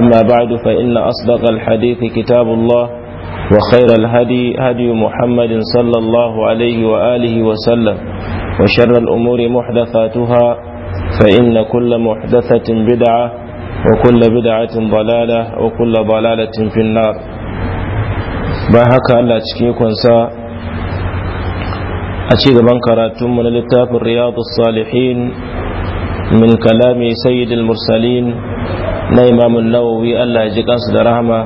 أما بعد فإن أصدق الحديث كتاب الله وخير الهدي هدي محمد صلى الله عليه وآله وسلم وشر الأمور محدثاتها فإن كل محدثة بدعة وكل بدعة ضلالة وكل ضلالة في النار باهك الله تشكيكم سا أشيد بنكراتم من لتاب الرياض الصالحين من كلام سيد المرسلين na imamun nawawi allah ya ji kansu da rahama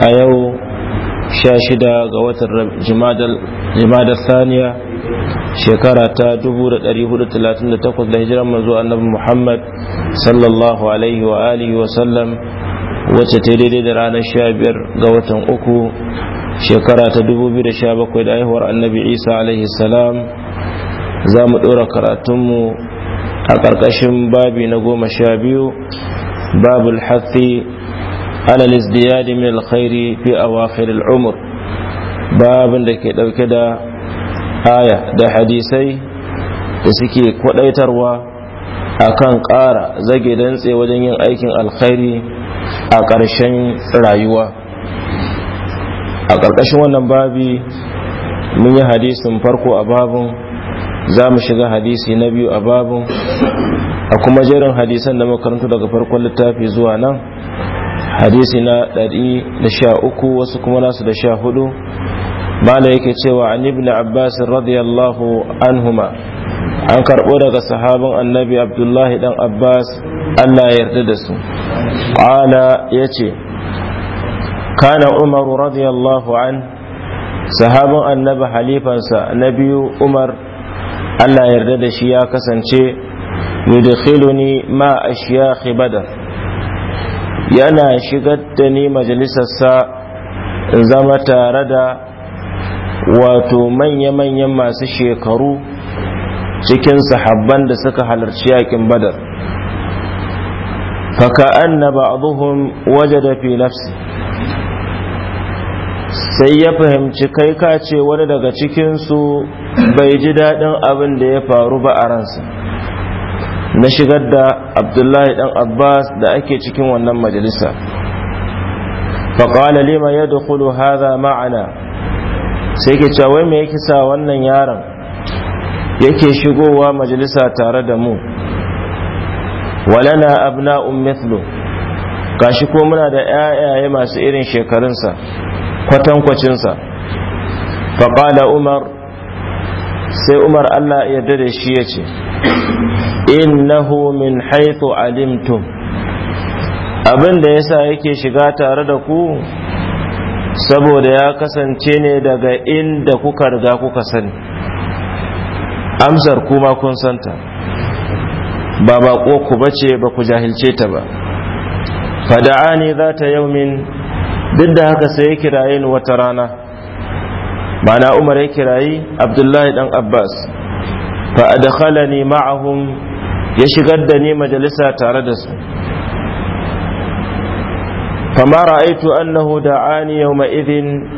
a yau sha shida ga watan jimadar saniya shekara ta 438 da hijiran manzo annabi muhammad sallallahu alaihi wa alihi wa sallam wacce ta daidai da ranar sha biyar ga watan uku shekara ta 2017 da haihuwar annabi isa alaihi salam za mu ɗora karatunmu a ƙarƙashin babi na goma sha biyu باب الحث على الازدياد من الخير في أواخر العمر باب da ke da aya da hadisai da suke kwadaitarwa akan ƙara zage dantse wajen yin aikin alkhairi a ƙarshen rayuwa a ƙarƙashin wannan babi mun yi hadisin farko a babin za mu shiga hadisi na biyu a babin a kuma jerin hadisan da makarantu daga farkon littafi zuwa nan hadisi na 113 wasu kuma nasu da 14 da yake cewa an ibn abbas radiyallahu anhuma an karbo daga sahabin annabi abdullahi dan abbas allah ya yarda da su ƙala ya ce kana umaru radiyallahu an sahabin annabi halifansa na biyu umar allah ya yarda da shi ya kasance yudkhiluni ma ashyakh badar yana shigar da ni Majalisar sa zama tare da wato manya-manyan masu shekaru cikin sahabban da suka halarci yakin badar faka'an na ba'aduhum wajada fi nafsi sai ya fahimci kai ka ce wani daga cikinsu bai ji daɗin abin da ya faru ba a ransa na shigar da abdullahi dan abbas da ake cikin wannan majalisa faƙala lima ya dukulu haza ma'ana sai ke cewa mai yake sa wannan yaron yake shigowa majalisa tare da mu walana abna'un mithlu shi ko muna da 'ya'yaye masu irin shekarunsa kwatankwacinsa faƙala umar sai umar allah ya da shi ya ce innahu min haithu alimtum abin da sa yake shiga tare da ku saboda ya kasance ne daga inda kuka riga kuka sani amsar kuma kun santa ba bako ku bace ba ku jahilce ta ba fada'ani za ta yaumin duk da haka sai ya kira wata rana mana umar ya kirayi abdullahi dan abbas fa adkhalani ma'ahum ya shigar da ni majalisa tare da su fama ra'aitu annahu da'ani yawma idhin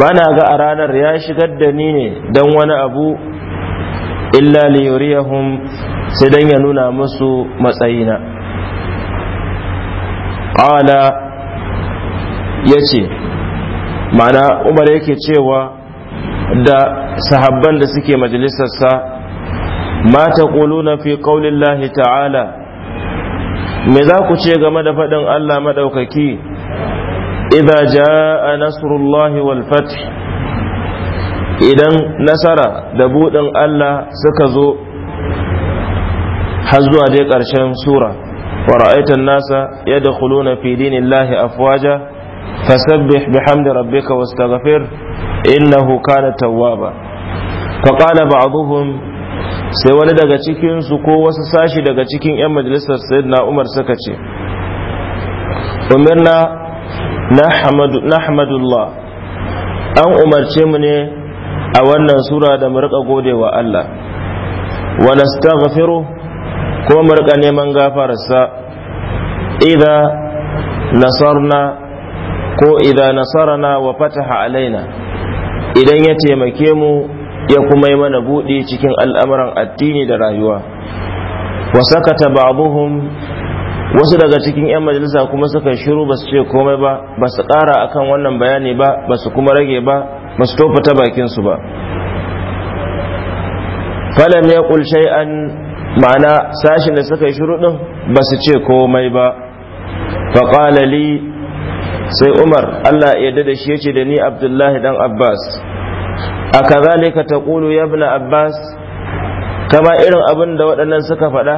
bana ga a ranar ya shigar da ni ne dan wani abu illa li yuriyahum sai dan ya nuna musu matsayina qala yace ma'ana umar yake cewa da sahabban da suke majalisarsa ma na fi qaulillahi ta'ala me za ku ce game da faɗin Allah maɗaukaki? idza ja nasrullahi wal walfati. idan nasara da buɗin Allah suka zo har zuwa dai ƙarshen sura wa ra'aitan nasa na fi Lahi afwaja فسبح بحمد ربك واستغفر إنه كان توابا فقال بعضهم sai wani daga cikinsu ko wasu sashi daga cikin 'yan majalisar sayyidina umar suka ce na hamadullah an umarce mu ne a wannan sura da mu rika wa Allah wa nastaghfiru kuma mu rika neman gafararsa idza nasarna ko idan nasarana wa fataha alaina idan ya taimake mu ya kuma yi mana buɗe cikin al'amuran addini da rayuwa wa sakata ba'dhum wasu daga cikin 'yan majalisa kuma suka shiru ba su ce komai ba ba su ƙara akan wannan bayani ba ba su kuma rage ba ba su tofa ta bakinsu ba falam ya ƙulshai an ma'ana sashin da suka shiru ɗin ba su ce komai ba faƙalali sai umar allah ya da shi ya ce da ni abdullahi dan abbas a kazalika ta ƙulu ya bi abbas kama irin abin da waɗannan suka faɗa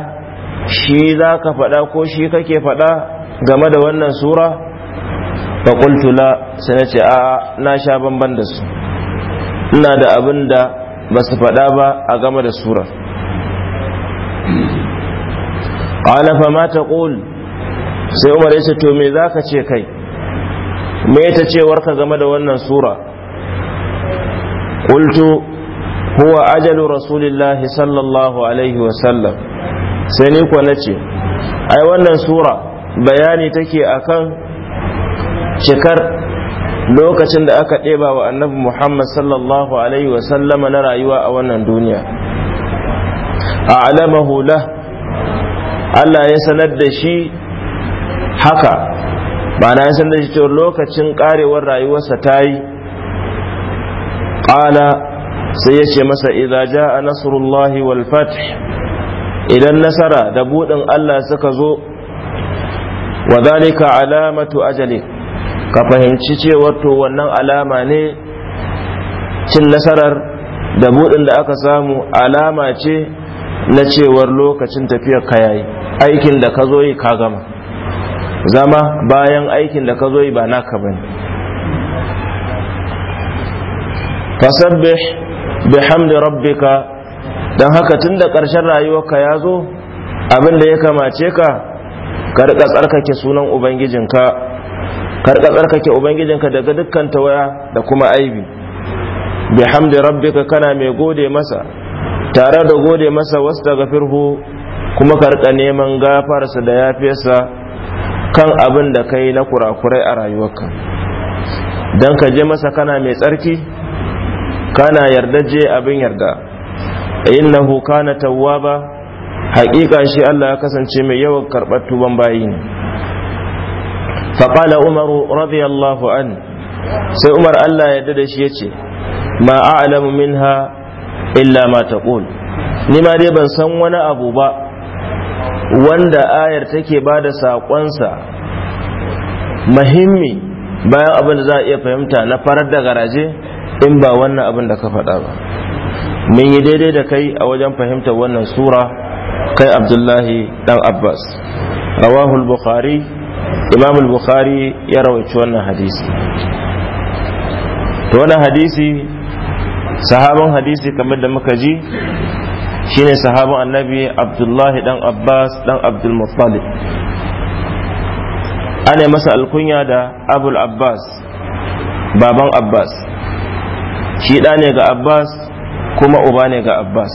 shi za ka faɗa ko shi kake faɗa game da wannan sura ba ƙuntula sai na ce a na sha bamban da su ina da abin da ba su faɗa ba a game da sura ƙalafa fa ma ta ƙul sai umar ya ce to me za ka ce kai me ta cewar ka game da wannan sura qultu huwa ajalu rasulillahi sallallahu alaihi wasallam sai ni ko nace ai wannan sura bayani take akan cikar lokacin da aka ɗeba wa annabi muhammad sallallahu alaihi wasallama na rayuwa a wannan duniya a alamahu lah Allah ya sanar da shi haka ma'ana ya san da shi cewa lokacin karewar rayuwarsa ta yi ƙala sai ya ce masa idza ja'a nasrullahi wal fath idan nasara da buɗin Allah suka zo wa zalika alamatu ajali ka fahimci cewa to wannan alama ne cin nasarar da buɗin da aka samu alama ce na cewar lokacin tafiyar ka yayi aikin da ka zo yi ka gama zama bayan aikin da ka zo yi ba naka bane fasabbih bihamdi rabbika Don haka tun da ƙarshen rayuwarka ya zo abinda ya kamace ka ka tsarkake sunan ubangijinka ka tsarkake ubangijinka daga dukkan tawaya da kuma aibi bihamdi rabbika kana mai gode masa tare da gode masa wasu daga firhu kuma ka neman gafarsa da yafiyarsa kan abin da ka yi na kurakurai a rayuwarka don ka je masa kana mai tsarki kana yarda je abin yarda innahu kana tawwaba haƙiƙa shi Allah ya kasance mai yawan karɓar tuban bayi ne faƙala umaru radiyallahu an sai umar Allah ya da shi ya ce ma a'lamu minha illa ma taqul ni ma dai ban san wani abu ba wanda ayar take ba da saƙonsa mahimmi bayan abin da za a iya fahimta na farar da garaje in ba wannan abin da ka faɗa ba mun yi daidai da kai a wajen fahimtar wannan sura kai abdullahi dan abbas rawahul bukhari imam bukhari ya rawaici wannan hadisi to wannan hadisi sahaban hadisi kamar da muka ji shine sahabin annabi abdullahi dan abbas dan abdul muttalib ana masa alkunya da abul abbas baban abbas shi da ne ga abbas kuma uba ne ga abbas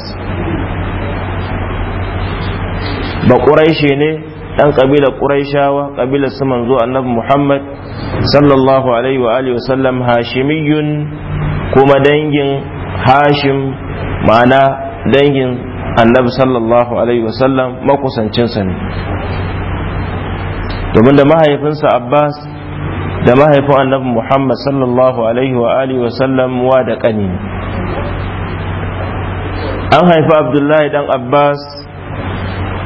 ba ƙuraishe ne dan ƙabilar ƙuraishawa ƙabilar su manzo annabi muhammad sallallahu alaihi wa alihi wasallam hashimiyun kuma dangin hashim ma'ana dangin annabi sallallahu alaihi wasallam makusancinsa ne domin da mahaifinsa abbas da mahaifin annabi muhammad sallallahu alaihi wa alihi wasallam wa da kani. an haifi abdullahi dan abbas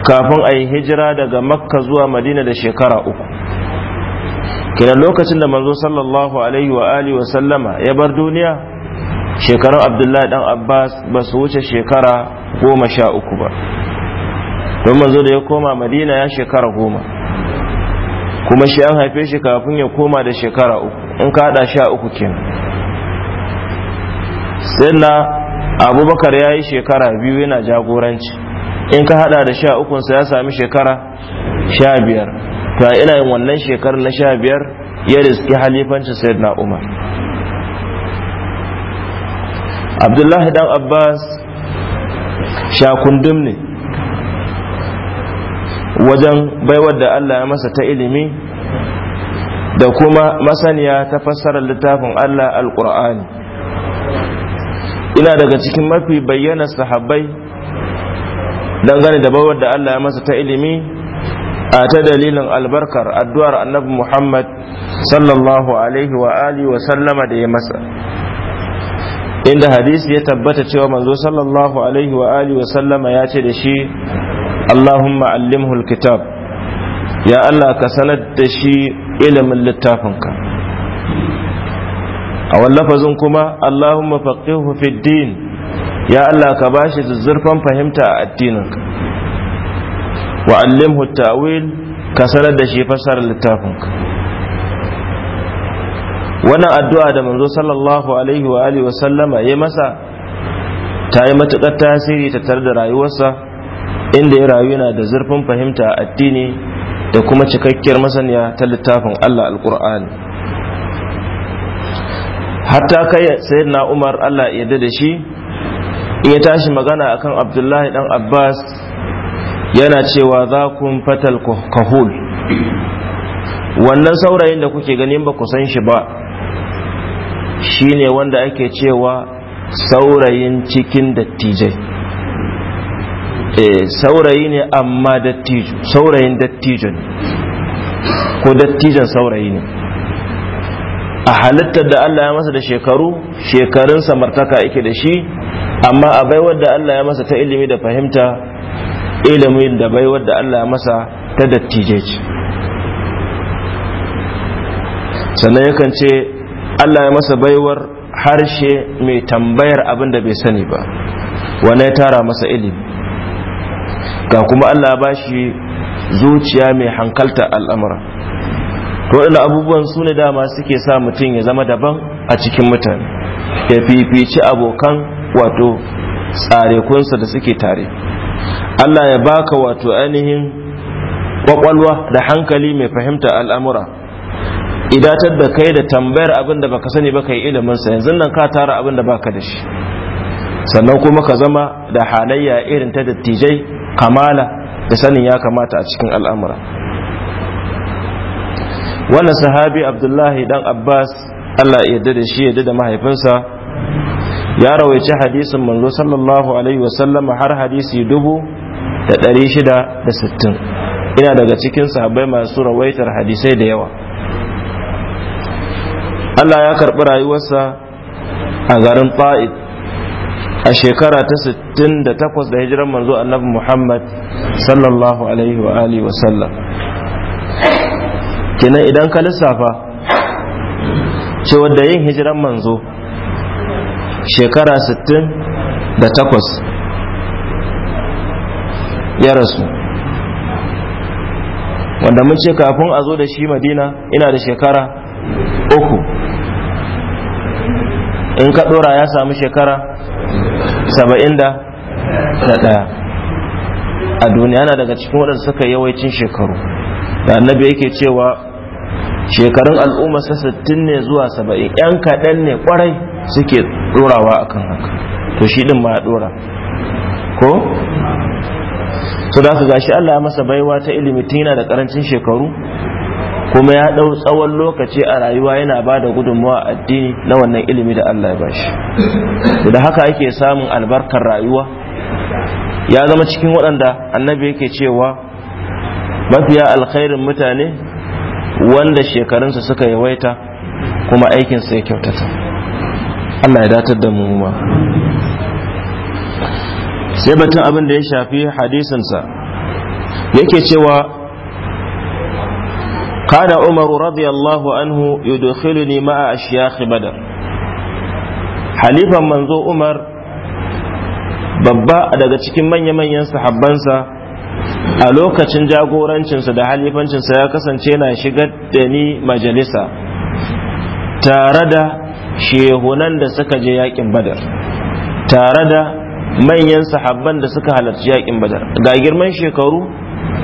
kafin a yi hijira daga makka zuwa madina da shekara uku kina lokacin da manzo sallallahu alaihi wa alihi wasallama ya bar duniya shekarun abdullahi dan abbas ba su wuce shekara goma sha uku ba don manzo da ya koma madina ya shekara goma kuma shi an haife shi kafin ya koma da shekara uku in ka hada sha uku kenan sai na abubakar ya yi shekara biyu yana jagoranci in ka hada da sha ukunsa ya sami shekara sha biyar to ina yin wannan shekarar na sha biyar ya riski halifancin na umar abdullahi dan abbas shakundum ne wajen baiwar da Allah ya masa ta ilimi da kuma masaniya ta fassarar littafin Allah al alƙur'ani ina daga cikin mafi bayyana sahabbai dangane da baiwar da Allah ya masa ta ilimi a ta dalilin albarkar addu'ar annabi Muhammad sallallahu alaihi wa alihi wa sallama da ya masa inda hadisi ya tabbata cewa manzo sallallahu alaihi wa alihi wa sallama ya ce da shi Allahumma allimhu alkitab ya Allah ka sanar da shi ilimin littafinka a wallafazin kuma Allahumma faqihu fid din ya Allah ka bashi zurfan fahimta a addininka wa allimhu ta'wil ka sanar da shi fasar littafinka wannan addu'a da manzo sallallahu alaihi wa alihi wasallama ya masa ta yi matuƙar tasiri ta tare da rayuwarsa inda ya rayu yana da zurfin fahimta a addini da kuma cikakkiyar masaniya ta littafin Allah alƙur'ani hatta kai sayyidina Umar Allah ya da shi ya tashi magana akan Abdullahi dan Abbas yana cewa za ku fatal kahul wannan saurayin da kuke ganin ba ku san shi ba Shi ne wanda ake cewa saurayin cikin dattijai eh, saurayi ne amma dattijo saurayin dattijo ne ko dattijan saurayi ne a halittar da Allah ya masa da shekaru shekarun samartaka yake da shi amma a baiwar da Allah ya masa ta ilimi da fahimta ilimin da baiwar da Allah ya masa ta dattijai ce sannan yakan ce Allah ya masa baiwar harshe mai tambayar abin da bai sani ba wane ya tara masa ilimi ga kuma Allah ya bashi zuciya mai hankalta al'amura to ina abubuwan su ne dama suke sa mutum ya zama daban a cikin mutane ya fifici abokan wato tsarekunsa da suke tare Allah ya baka wato ainihin kwakwalwa da hankali mai fahimta al'amura idatar da kai da tambayar abin da baka sani baka yi ilimin sa yanzu nan ka tara abin da baka da shi sannan kuma ka zama da halayya irin ta dattijai kamala da sanin ya kamata a cikin al'amura wannan sahabi abdullahi dan abbas allah ya yarda da shi yadda da mahaifinsa ya rawaici hadisin manzo sallallahu alaihi wasallam har hadisi dubu da ɗari shida da sittin ina daga cikin sahabbai masu rawaitar hadisai da yawa Allah ya karɓi rayuwarsa a garin fa'id a shekara ta 68 da hijiran manzo annabi Muhammad sallallahu alaihi wa alihi wa sallam kenan idan ka lissafa ce wadda yin hijiran manzo shekara 68 ya rasu wanda mun ce kafin a zo da shi madina ina da shekara uku in ka dora ya samu shekara saba'in da ɗaya a duniya yana daga cikin waɗanda suka yawaicin shekaru da annabi yake cewa shekarun al'umma sa sittin ne zuwa saba'in yan kaɗan ne kwarai suke ɗorawa akan haka to shi ɗin ma ɗora ko su da su gashi Allah ya masa baiwa ta ilimi tun yana da karancin shekaru kuma ya ɗau tsawon lokaci a rayuwa yana ba da gudunmawa addini na wannan ilimi da Allah ya bashi da haka ake samun albarkar rayuwa ya zama cikin waɗanda annabi yake cewa mafiya alkhairin mutane wanda shekarunsa suka yawaita kuma aikinsa ya kyautata Allah ya datar da mu ma sai batun abin da ya shafi hadisinsa yake cewa كان عمر رضي الله عنه يدخلني مع أشياخ بدر حليفا Manzo عمر babba daga cikin manya-manyan sahabbansa a lokacin jagorancinsa da halifancinsa ya kasance na shigar da ni majalisa tare da shehunan da suka je yakin badar tare da manyan sahabban da suka halarci yakin badar ga girman shekaru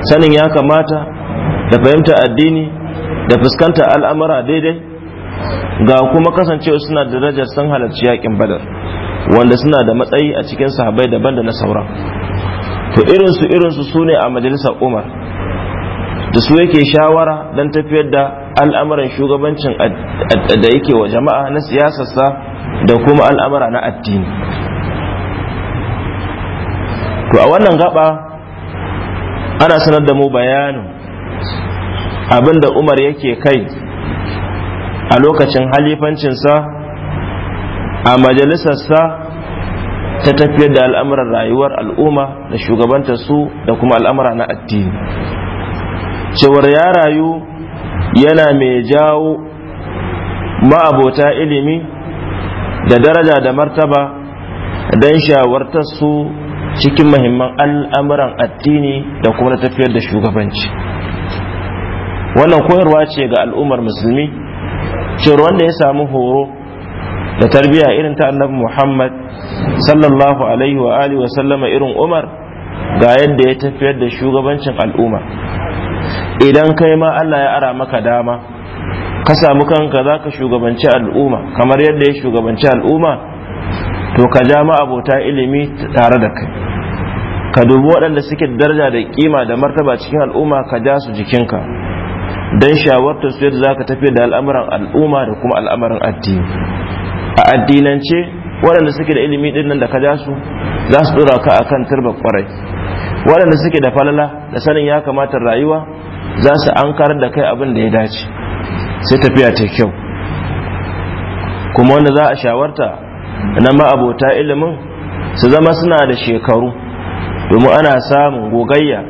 sanin ya kamata da fahimtar addini da fuskantar al'amura daidai ga kuma kasancewa suna da darajar sun halarci yakin badar wanda suna da matsayi a cikin sahabai daban da na sauran to irinsu irinsu su ne a majalisar umar da su yake shawara don tafiyar da al'amuran shugabancin da yake wa jama'a na siyasarsa da kuma al'amura na addini to a wannan gaba ana sanar da mu bayanin abin da umar yake kai a lokacin halifancinsa a majalisarsa ta tafiyar da al'amuran rayuwar al'umma da shugabanta su da kuma al'amura na addini cewar ya rayu yana mai jawo ma'abota ilimi da daraja da martaba don shawartar su cikin mahimman al'amuran addini da kuma tafiyar da shugabanci wannan koyarwa ce ga al'ummar musulmi cewar wanda ya samu horo da tarbiyya irin ta annabi muhammad sallallahu alaihi wa alihi wa sallama irin umar ga yadda ya tafiyar da shugabancin al'umma idan kai ma allah ya ara maka dama ka samu kanka za ka shugabanci al'umma kamar yadda ya shugabanci al'umma to ka ja ma abota ilimi tare da kai ka dubi waɗanda suke daraja da kima da martaba cikin al'umma ka ja su jikinka don shawartar su yadda za ka tafi da al'amuran al'umma da kuma al'amuran addini a addinance waɗanda suke da ilimi ɗin nan da ka ja su za su ka akan turba kwarai waɗanda suke da falala da sanin ya kamata rayuwa za su karar da kai abin da ya dace sai tafiya ta kyau kuma wanda za a shawarta na ma'abota ilimin su zama suna da shekaru domin ana samun gogayya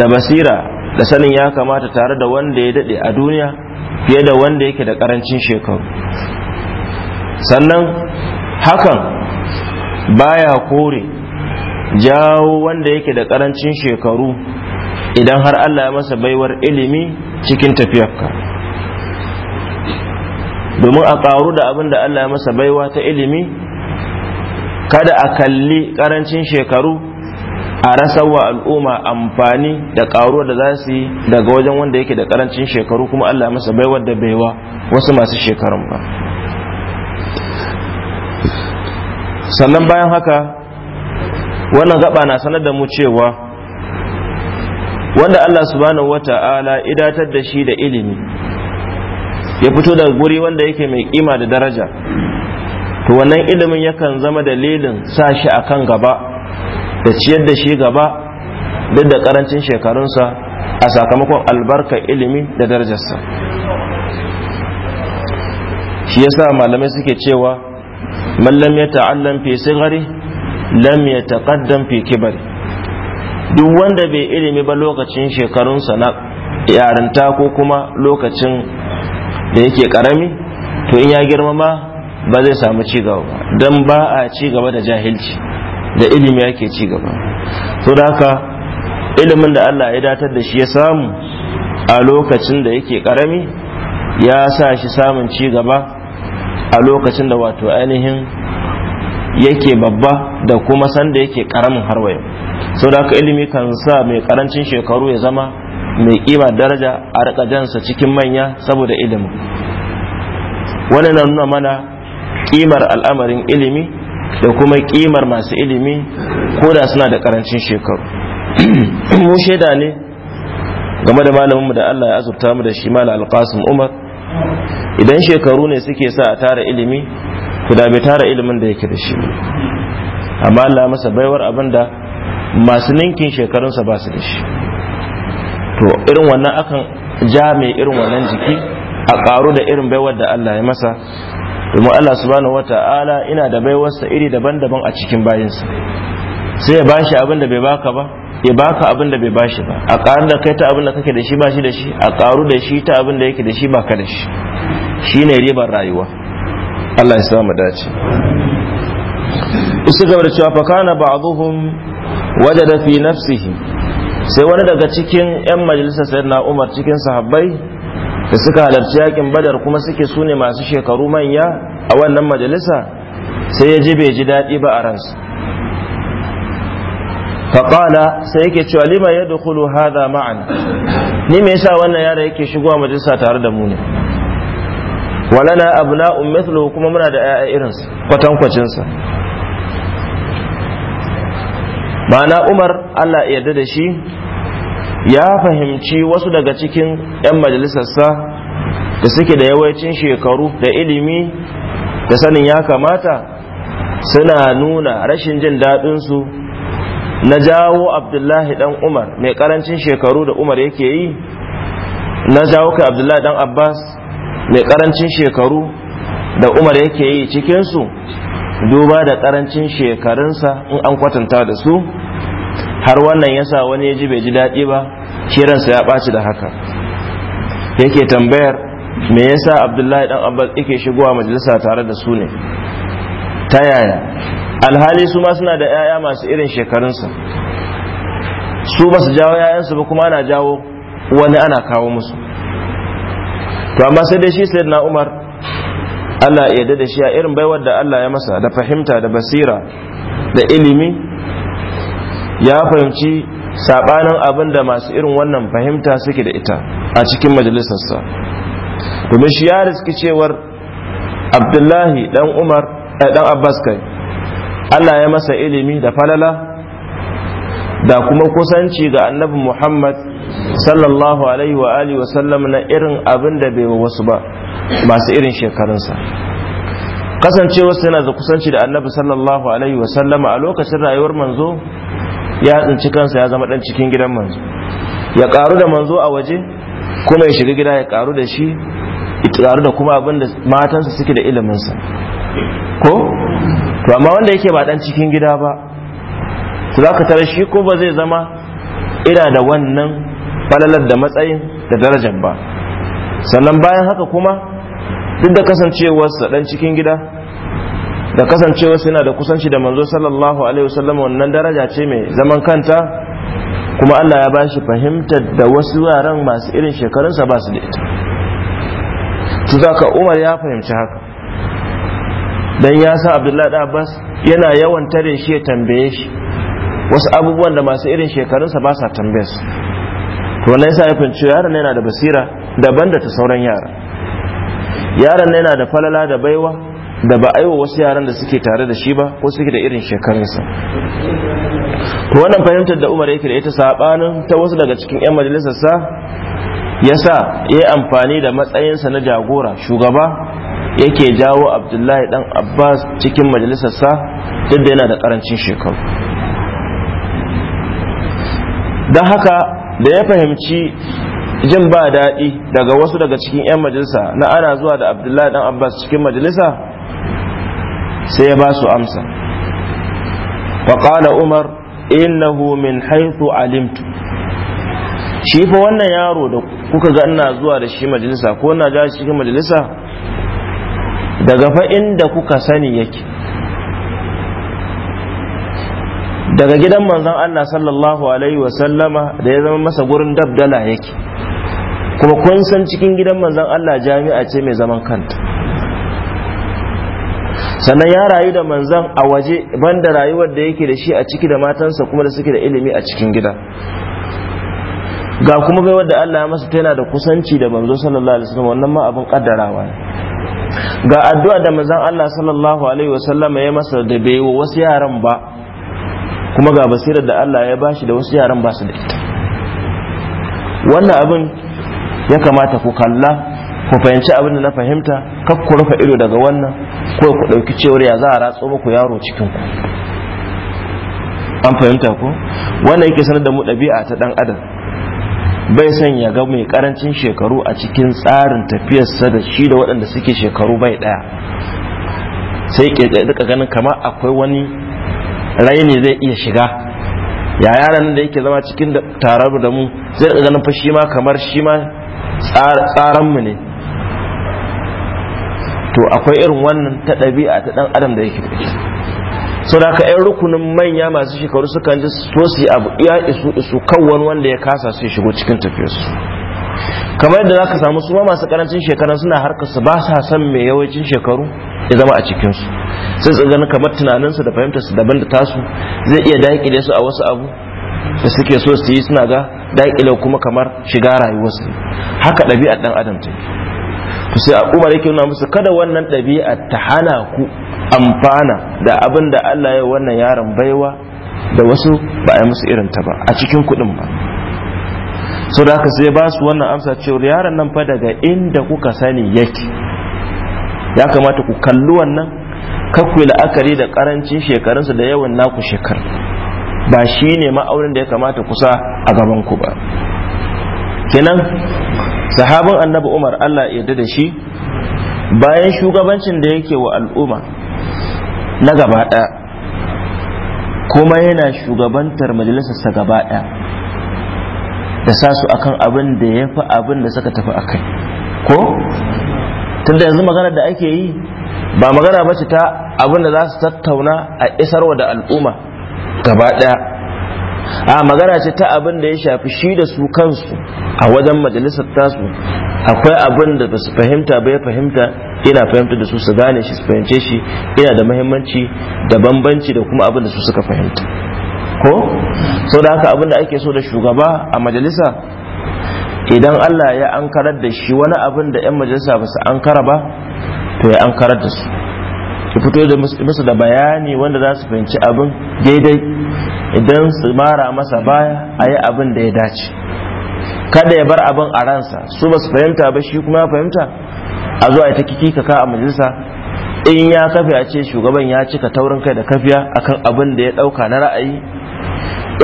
da basira da sanin ya kamata tare da wanda ya daɗe a duniya fiye da wanda yake da ƙarancin shekaru sannan hakan baya kore jawo wanda yake da ƙarancin shekaru idan har Allah ya masa baiwar ilimi cikin tafiyarka domin a ƙaru da abin da Allah ya masa baiwa ta ilimi kada a kalli ƙarancin shekaru a rasa wa al'umma amfani da karuwa da za su yi daga wajen wanda yake da karancin shekaru kuma Allah masa baiwar da baiwa wasu masu shekarun ba sannan bayan haka wannan gaba na sanar da mu cewa wanda Allah subhanahu wata'ala idatar da shi da ilimi ya fito daga guri wanda yake mai kima da daraja to wannan ilimin yakan zama dalilin sa shi kan gaba da ciyar da shi gaba duk da karancin shekarunsa a sakamakon albarka ilimi da darajarsa shi yasa malamai suke cewa mallam ya ta'allam fi sigari lam ya taqaddam fi kibar duk wanda bai ilimi ba lokacin shekarunsa na yarinta ko kuma lokacin da yake karami to in ya girmama ba zai samu cigaba ba don ba a cigaba da jahilci da ilimi ake ci gaba to da haka ilimin da Allah ya datar da shi ya samu a lokacin da yake karami ya sa shi samun ci gaba a lokacin da wato ainihin yake babba da kuma sanda yake karamin har wayo sau da ilimi kan sa mai karancin shekaru ya zama mai kima daraja a rikajensa cikin manya saboda ilimin wani na nuna mana kimar al'amarin ilimi da kuma kimar masu ilimi ko da suna da karancin shekaru mu shaida ne game da malaminmu da Allah ya azurta mu da shi mal alqasim umar idan shekaru ne suke sa a tara ilimi to da bai tara ilimin da yake da shi amma Allah masa baiwar abin masu ninkin shekarunsa ba su da shi to irin wannan akan ja mai irin wannan jiki a ƙaru da irin baiwar da Allah ya masa domin Allah subhanahu wata'ala ina da baiwarsa iri daban-daban a cikin bayinsa sai ya bashi abin da bai baka ba ya baka abin da bai bashi ba a ƙarar da kai ta abin da kake da shi ba shi da shi a ƙaru da shi ta abin da yake da shi ba ka da shi shine ribar rayuwa Allah ya sa mu dace isa gaba da cewa fa kana wajen da fi nafsihi sai wani daga cikin 'yan majalisar na Umar cikin sahabbai da suka halarci yakin badar kuma suke su ne masu shekaru manya a wannan majalisa sai ya ji bai ji daɗi ba a ransa faƙala sai yake cewa lima ya dukulu hada ma'ana ni me yasa wannan yara yake shigowa majalisa tare da mu ne walana abna'un mithlu kuma muna da 'ya'ya irinsa kwatankwacinsa ma'ana umar allah yarda da shi ya fahimci wasu daga cikin 'yan majalisarsa da suke da yawancin shekaru da ilimi da sanin ya kamata suna nuna rashin jin daɗinsu na jawo abdullahi ɗan umar mai ƙarancin shekaru da umar yake yi na jawo kai abdullahi ɗan abbas mai ƙarancin shekaru da umar yake yi cikinsu duba da ƙarancin shekarunsa in an kwatanta da su har wannan yasa wani ya ji bai ji daɗi ba Hiransa ya ɓaci da haka yake tambayar me yasa abdullahi dan abbas yake shigowa majalisa tare da su ne ta yaya alhali su ma suna da 'ya'ya masu irin shekarunsa su ba su jawo 'ya'yansu ba kuma ana jawo wani ana kawo musu to amma sai dai shi sai na umar Allah ya yarda da shi a irin baiwar da Allah ya masa da fahimta da basira da ilimi ya fahimci sabanin abin da masu irin wannan fahimta suke da ita a cikin majalisarsa domin shi ya riski cewar abdullahi dan umar dan eh, abbas kai allah ya masa ilimi da falala da kuma kusanci ga annabi muhammad sallallahu alaihi wa alihi wasallam na irin abin da bai wasu ba masu irin shekarunsa kasancewa yana da kusanci da annabi sallallahu alaihi wasallam a lokacin rayuwar manzo ya tsinci kansa ya zama dan cikin gidan manzo ya karu da manzo a waje kuma ya shiga gida ya karu da shi ya karu da kuma abin da matansa suke da iliminsa ko to amma wanda yake ba dan cikin gida ba to zaka tare shi ko ba zai zama ina da wannan falalar da matsayin da darajar ba sannan bayan haka kuma duk da kasancewarsa dan cikin gida da kasancewa suna da kusanci da manzo sallallahu alaihi wasallam wannan daraja ce mai zaman kanta kuma Allah ya bashi fahimtar da wasu yaran masu irin shekarunsa ba su da ita su zaka Umar ya fahimci haka dan ya sa Abdullahi da Abbas yana yawan tare shi ya tambaye shi wasu abubuwan da masu irin shekarunsa ba sa tambaye su to wannan yasa ya fahimci yaran yana da basira daban da ta sauran yara yaron yana da falala da baiwa da ba a yi wa wasu yaran da suke tare da shi ba ko suke da irin shekarunsa to wannan fahimtar da umar yake da ita sabanin ta wasu daga cikin 'yan majalisarsa ya sa ya yi amfani da matsayinsa na jagora shugaba yake jawo abdullahi dan abbas cikin majalisarsa duk da yana da karancin shekaru don haka da ya fahimci jin ba daɗi daga wasu daga cikin 'yan majalisa na ana zuwa da abdullahi dan abbas cikin majalisa sai ya ba su amsa faƙala umar innahu min haithu alimtu shi fa wannan yaro da kuka ga ina zuwa da shi majalisa ko na ja shi majalisa daga fa inda kuka sani yake daga gidan manzon Allah sallallahu alaihi wasallama da ya zama masa gurin dabdala yake kuma kun san cikin gidan manzon Allah jami'a ce mai zaman kanta sannan ya rayu da manzan a waje banda rayuwar da yake da shi a ciki da matansa kuma da suke da ilimi a cikin gida ga kuma gaiwar da Allah masa tana da kusanci da manzo sallallahu alaihi wasallam wannan ma abin kaddarawa ne ga addu'a da manzan Allah sallallahu alaihi wasallam ya masa da bai wa wasu yaran ba kuma ga basirar da Allah ya bashi da wasu yaran ba su da ita wannan abin ya kamata ku kalla ku fahimci abin da na fahimta kar ku rufe ido daga wannan ko ku ɗauki cewar ya za a ratso muku yaro cikin ku an fahimta ko wannan yake sanar da mu ɗabi'a ta ɗan adam bai san ya ga mai karancin shekaru a cikin tsarin tafiyarsa da shi da waɗanda suke shekaru bai ɗaya sai duka ganin kamar akwai wani raini zai iya shiga ya yaran da yake zama cikin tarar da mu zai ganin fa shi ma kamar shi ma tsaranmu ne to akwai irin wannan ta ɗabi'a ta ɗan adam da yake sau da ka yan rukunin manya masu shekaru sukan ji so su abu iya isu isu kawon wanda ya kasa su shigo cikin tafiyarsu kamar yadda za ka samu su masu karancin shekaru suna harkar su ba sa san mai yawancin shekaru ya zama a cikinsu sai su kamar tunaninsu da su daban da tasu zai iya daƙile su a wasu abu da suke so su yi suna ga daƙile kuma kamar shiga rayuwarsu haka ɗabi'ar ɗan adam take Ku sai umar yake nuna musu kada wannan ɗabi'a ta hana ku amfana da abin da Allah ya wannan yaron baiwa da wasu ba a yi musu irin ta ba a cikin kuɗin ba so da aka sai ba su wannan amsa cewar yaron nan fa daga inda kuka sani yake ya kamata ku kalli wannan kakwai la'akari da karancin shekarunsa da yawan naku shekar ba shi ne ma'aurin da ya kamata kusa a gabanku ba kenan sahabin annabi umar allah yarda da shi bayan shugabancin da yake wa al'umma na gaba ɗaya kuma yana shugabantar majalisarsa gaba ɗaya da sa su akan abin da ya fi abin da suka tafi akai ko tunda yanzu maganar da ake yi ba magana ba cita ta abin da za su tattauna a isarwa da al'umma gaba ɗaya a magana ce ta abin da ya shafi shi da su kansu a wajen majalisar tasu akwai abin da ba su fahimta ba ya fahimta ina fahimta da su su gane shi su fahimce shi ina da mahimmanci da bambanci da kuma abin da su suka fahimta ko sau da haka abin da ake so da shugaba a majalisa idan Allah ya ankarar da shi wani abin da 'yan majalisa ba su ankara ba to ya ankarar da su ki fito da musu da bayani wanda za su fahimci abin daidai idan su mara masa baya a yi abin da ya dace kada ya bar abin a ransa su ba su fahimta ba shi kuma ya fahimta a zuwa ya ta kikika a majalisa in ya kafi a ce shugaban ya cika taurin kai da kafiya akan abin da ya dauka na ra'ayi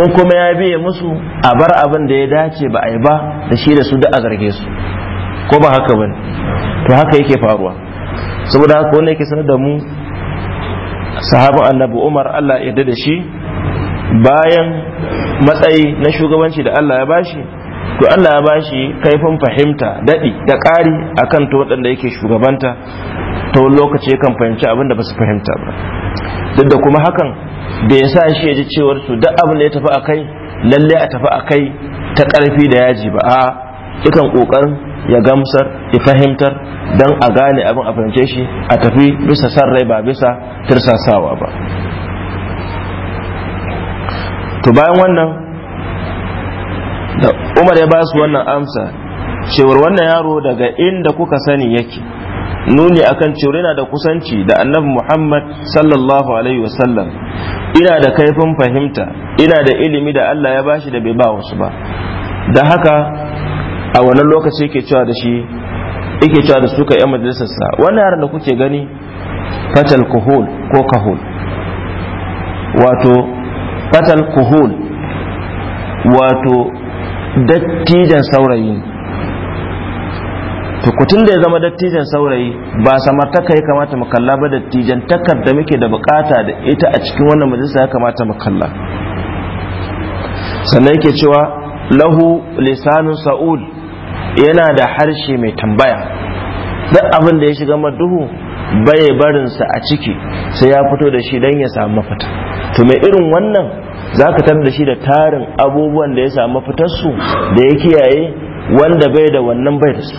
in kuma ya biya musu a bar abin da ya dace ba a yi ba da shi da su da a zarge su ko ba haka ba to haka yake faruwa saboda haka wanda yake sanar da mu sahabin annabi umar allah ya da shi bayan matsayi na shugabanci da Allah ya bashi to Allah ya bashi kaifin fahimta daɗi da ƙari akan to waɗanda yake shugabanta ta wani lokaci kan fahimci abin da ba su fahimta ba duk da kuma hakan da ya sa shi ya ji cewar su duk abin da ya tafi a kai lalle a tafi a kai ta ƙarfi da yaji ba a ikan ƙoƙarin ya gamsar ya fahimtar don a gane abin a fahimce shi a tafi bisa sarrai ba bisa tirsasawa ba to bayan wannan da umar ya ba su wannan amsa cewar wannan yaro daga inda kuka sani yake nuni akan cewar yana da kusanci da annabi muhammad sallallahu alaihi wasallam ina da kaifin fahimta ina da ilimi da allah ya bashi da bai ba wasu ba da haka a wannan lokaci yake cewa da shi yake cewa da suka yan majalisarsa wannan yaran da kuke gani fatal kohol ko kahol wato fatal kuhul wato dattijan saurayi kutun da ya zama dattijan saurayi ba samartaka ya kamata mu kalla ba dattijan takar da muke da bukata da ita a cikin wannan majalisa ya kamata mu kalla sannan yake cewa lahu lisanun sa'ul yana da harshe mai tambaya duk abin da ya shiga maduhu Baye barinsa a ciki sai ya fito da shi don ya samu mafita to mai irin wannan za ka tar da shi da tarin abubuwan da ya samu su da ya kiyaye wanda bai da wannan bai da su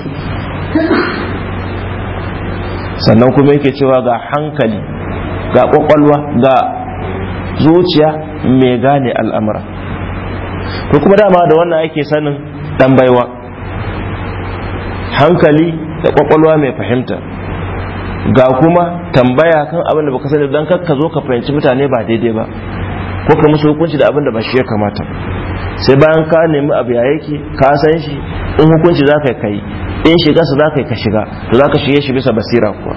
sannan kuma yake cewa ga hankali ga kwakwalwa ga zuciya mai gane al'amura to kuma dama da wannan ake sanin dan baiwa hankali da kwakwalwa mai fahimta ga kuma tambaya kan abin da baka sani dan ka zo ka fahimci mutane ba daidai ba ko ka musu hukunci da abin da ba shi ya kamata sai bayan ka nemi abu ya yake ka san shi in hukunci za ka kai in shiga su za ka ka shiga to za ka shige shi bisa basira kuwa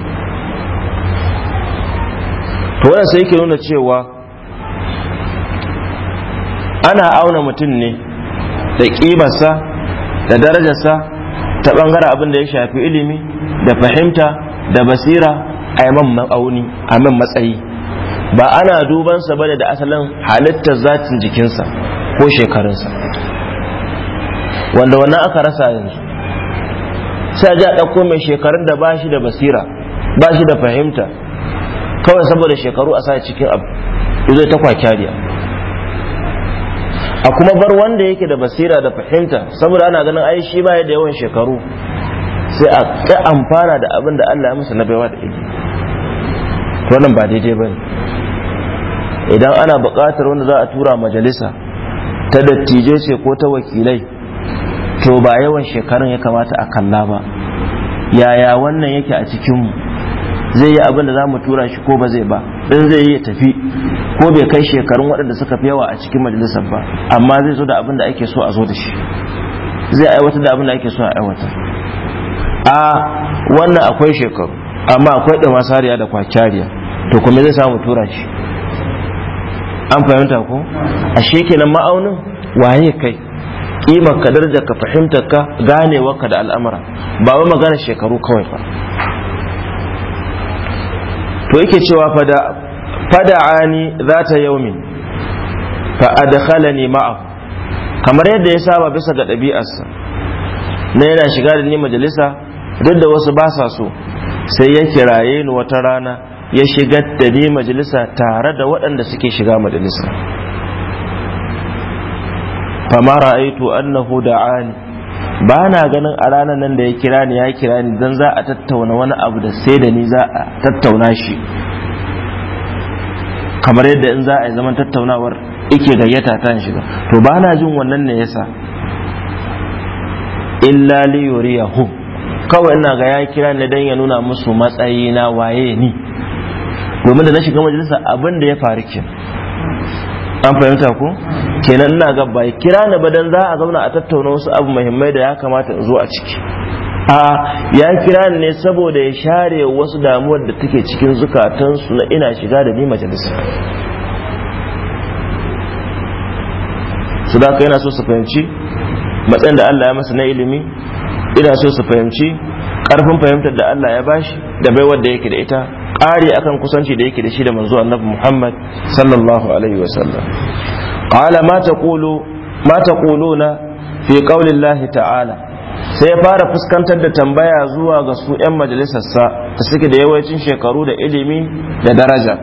to wannan sai yake nuna cewa ana auna mutum ne da kimarsa da darajarsa ta bangaren abin da ya shafi ilimi da fahimta da basira a yaman ma'auni a man matsayi ba ana duban sa bane da asalin halittar zatin jikinsa ko shekarunsa wanda wannan aka rasa yanzu sai ji a ɗauko mai shekarun da ba shi da basira ba shi da fahimta kawai saboda shekaru a sa cikin abu zai ta kwakyariya a kuma bar wanda yake da basira da fahimta saboda ana ganin ai shi ba da yawan shekaru sai a ƙi amfana da abin da Allah ya musu na baiwa da ake wannan ba daidai ba ne idan ana buƙatar wanda za a tura majalisa ta dattijai ce ko ta wakilai to ba yawan shekarun ya kamata a kalla ba yaya wannan yake a cikinmu zai yi abin da za mu tura shi ko ba zai ba in zai yi tafi ko bai kai shekarun waɗanda suka fi yawa a cikin majalisar ba amma zai zo da abin da ake so a zo da shi zai aiwatar da abin da ake so a aiwatar a wannan akwai shekaru amma akwai da masariya da kwakyariya to kuma zai samu tura shi an fahimta ko a shekenan ma'aunin waye kai kima ka darja ka fahimta ka gane waka da al'amura ba wai magana shekaru kawai ba to yake cewa fada fada'ani ta yaumin fa adkhalani ma'ahu kamar yadda ya saba bisa ga ɗabi'arsa na yana shiga da ni majalisa duk da wasu ba sa so sai ya kiraye ni wata rana ya shiga da ni majalisa tare da waɗanda suke shiga majalisa fama ra'aitu annahu da'ani ba na ganin a ranar nan da ya kira ni ya kira ni dan za a tattauna wani abu da sai da ni za a tattauna shi kamar yadda in za a yi zaman tattaunawar ike gayyata ta shiga to ba na jin wannan ne yasa illa li yuriyahum kawai ina ga ya kira ni dan ya nuna musu matsayi na waye ni domin da na shiga majalisa abin da ya faru ke an fahimta ko kenan ina ga bai kira ni ba dan za a zauna a tattauna wasu abu muhimmai da ya kamata in zo a ciki a ya kira ni ne saboda ya share wasu damuwar da take cikin zukatansu na ina shiga da ni majalisa su da yana so su fahimci matsayin da Allah ya masa na ilimi ina so su fahimci karfin fahimtar da Allah ya bashi da bai wanda yake da ita ƙari akan kusanci da yake da shi da manzo annabi Muhammad sallallahu alaihi wasallam qala ma taqulu ma taquluna fi Allah ta'ala sai ya fara fuskantar da tambaya zuwa ga su 'yan majalisarsa da suke da yawancin shekaru da ilimi da daraja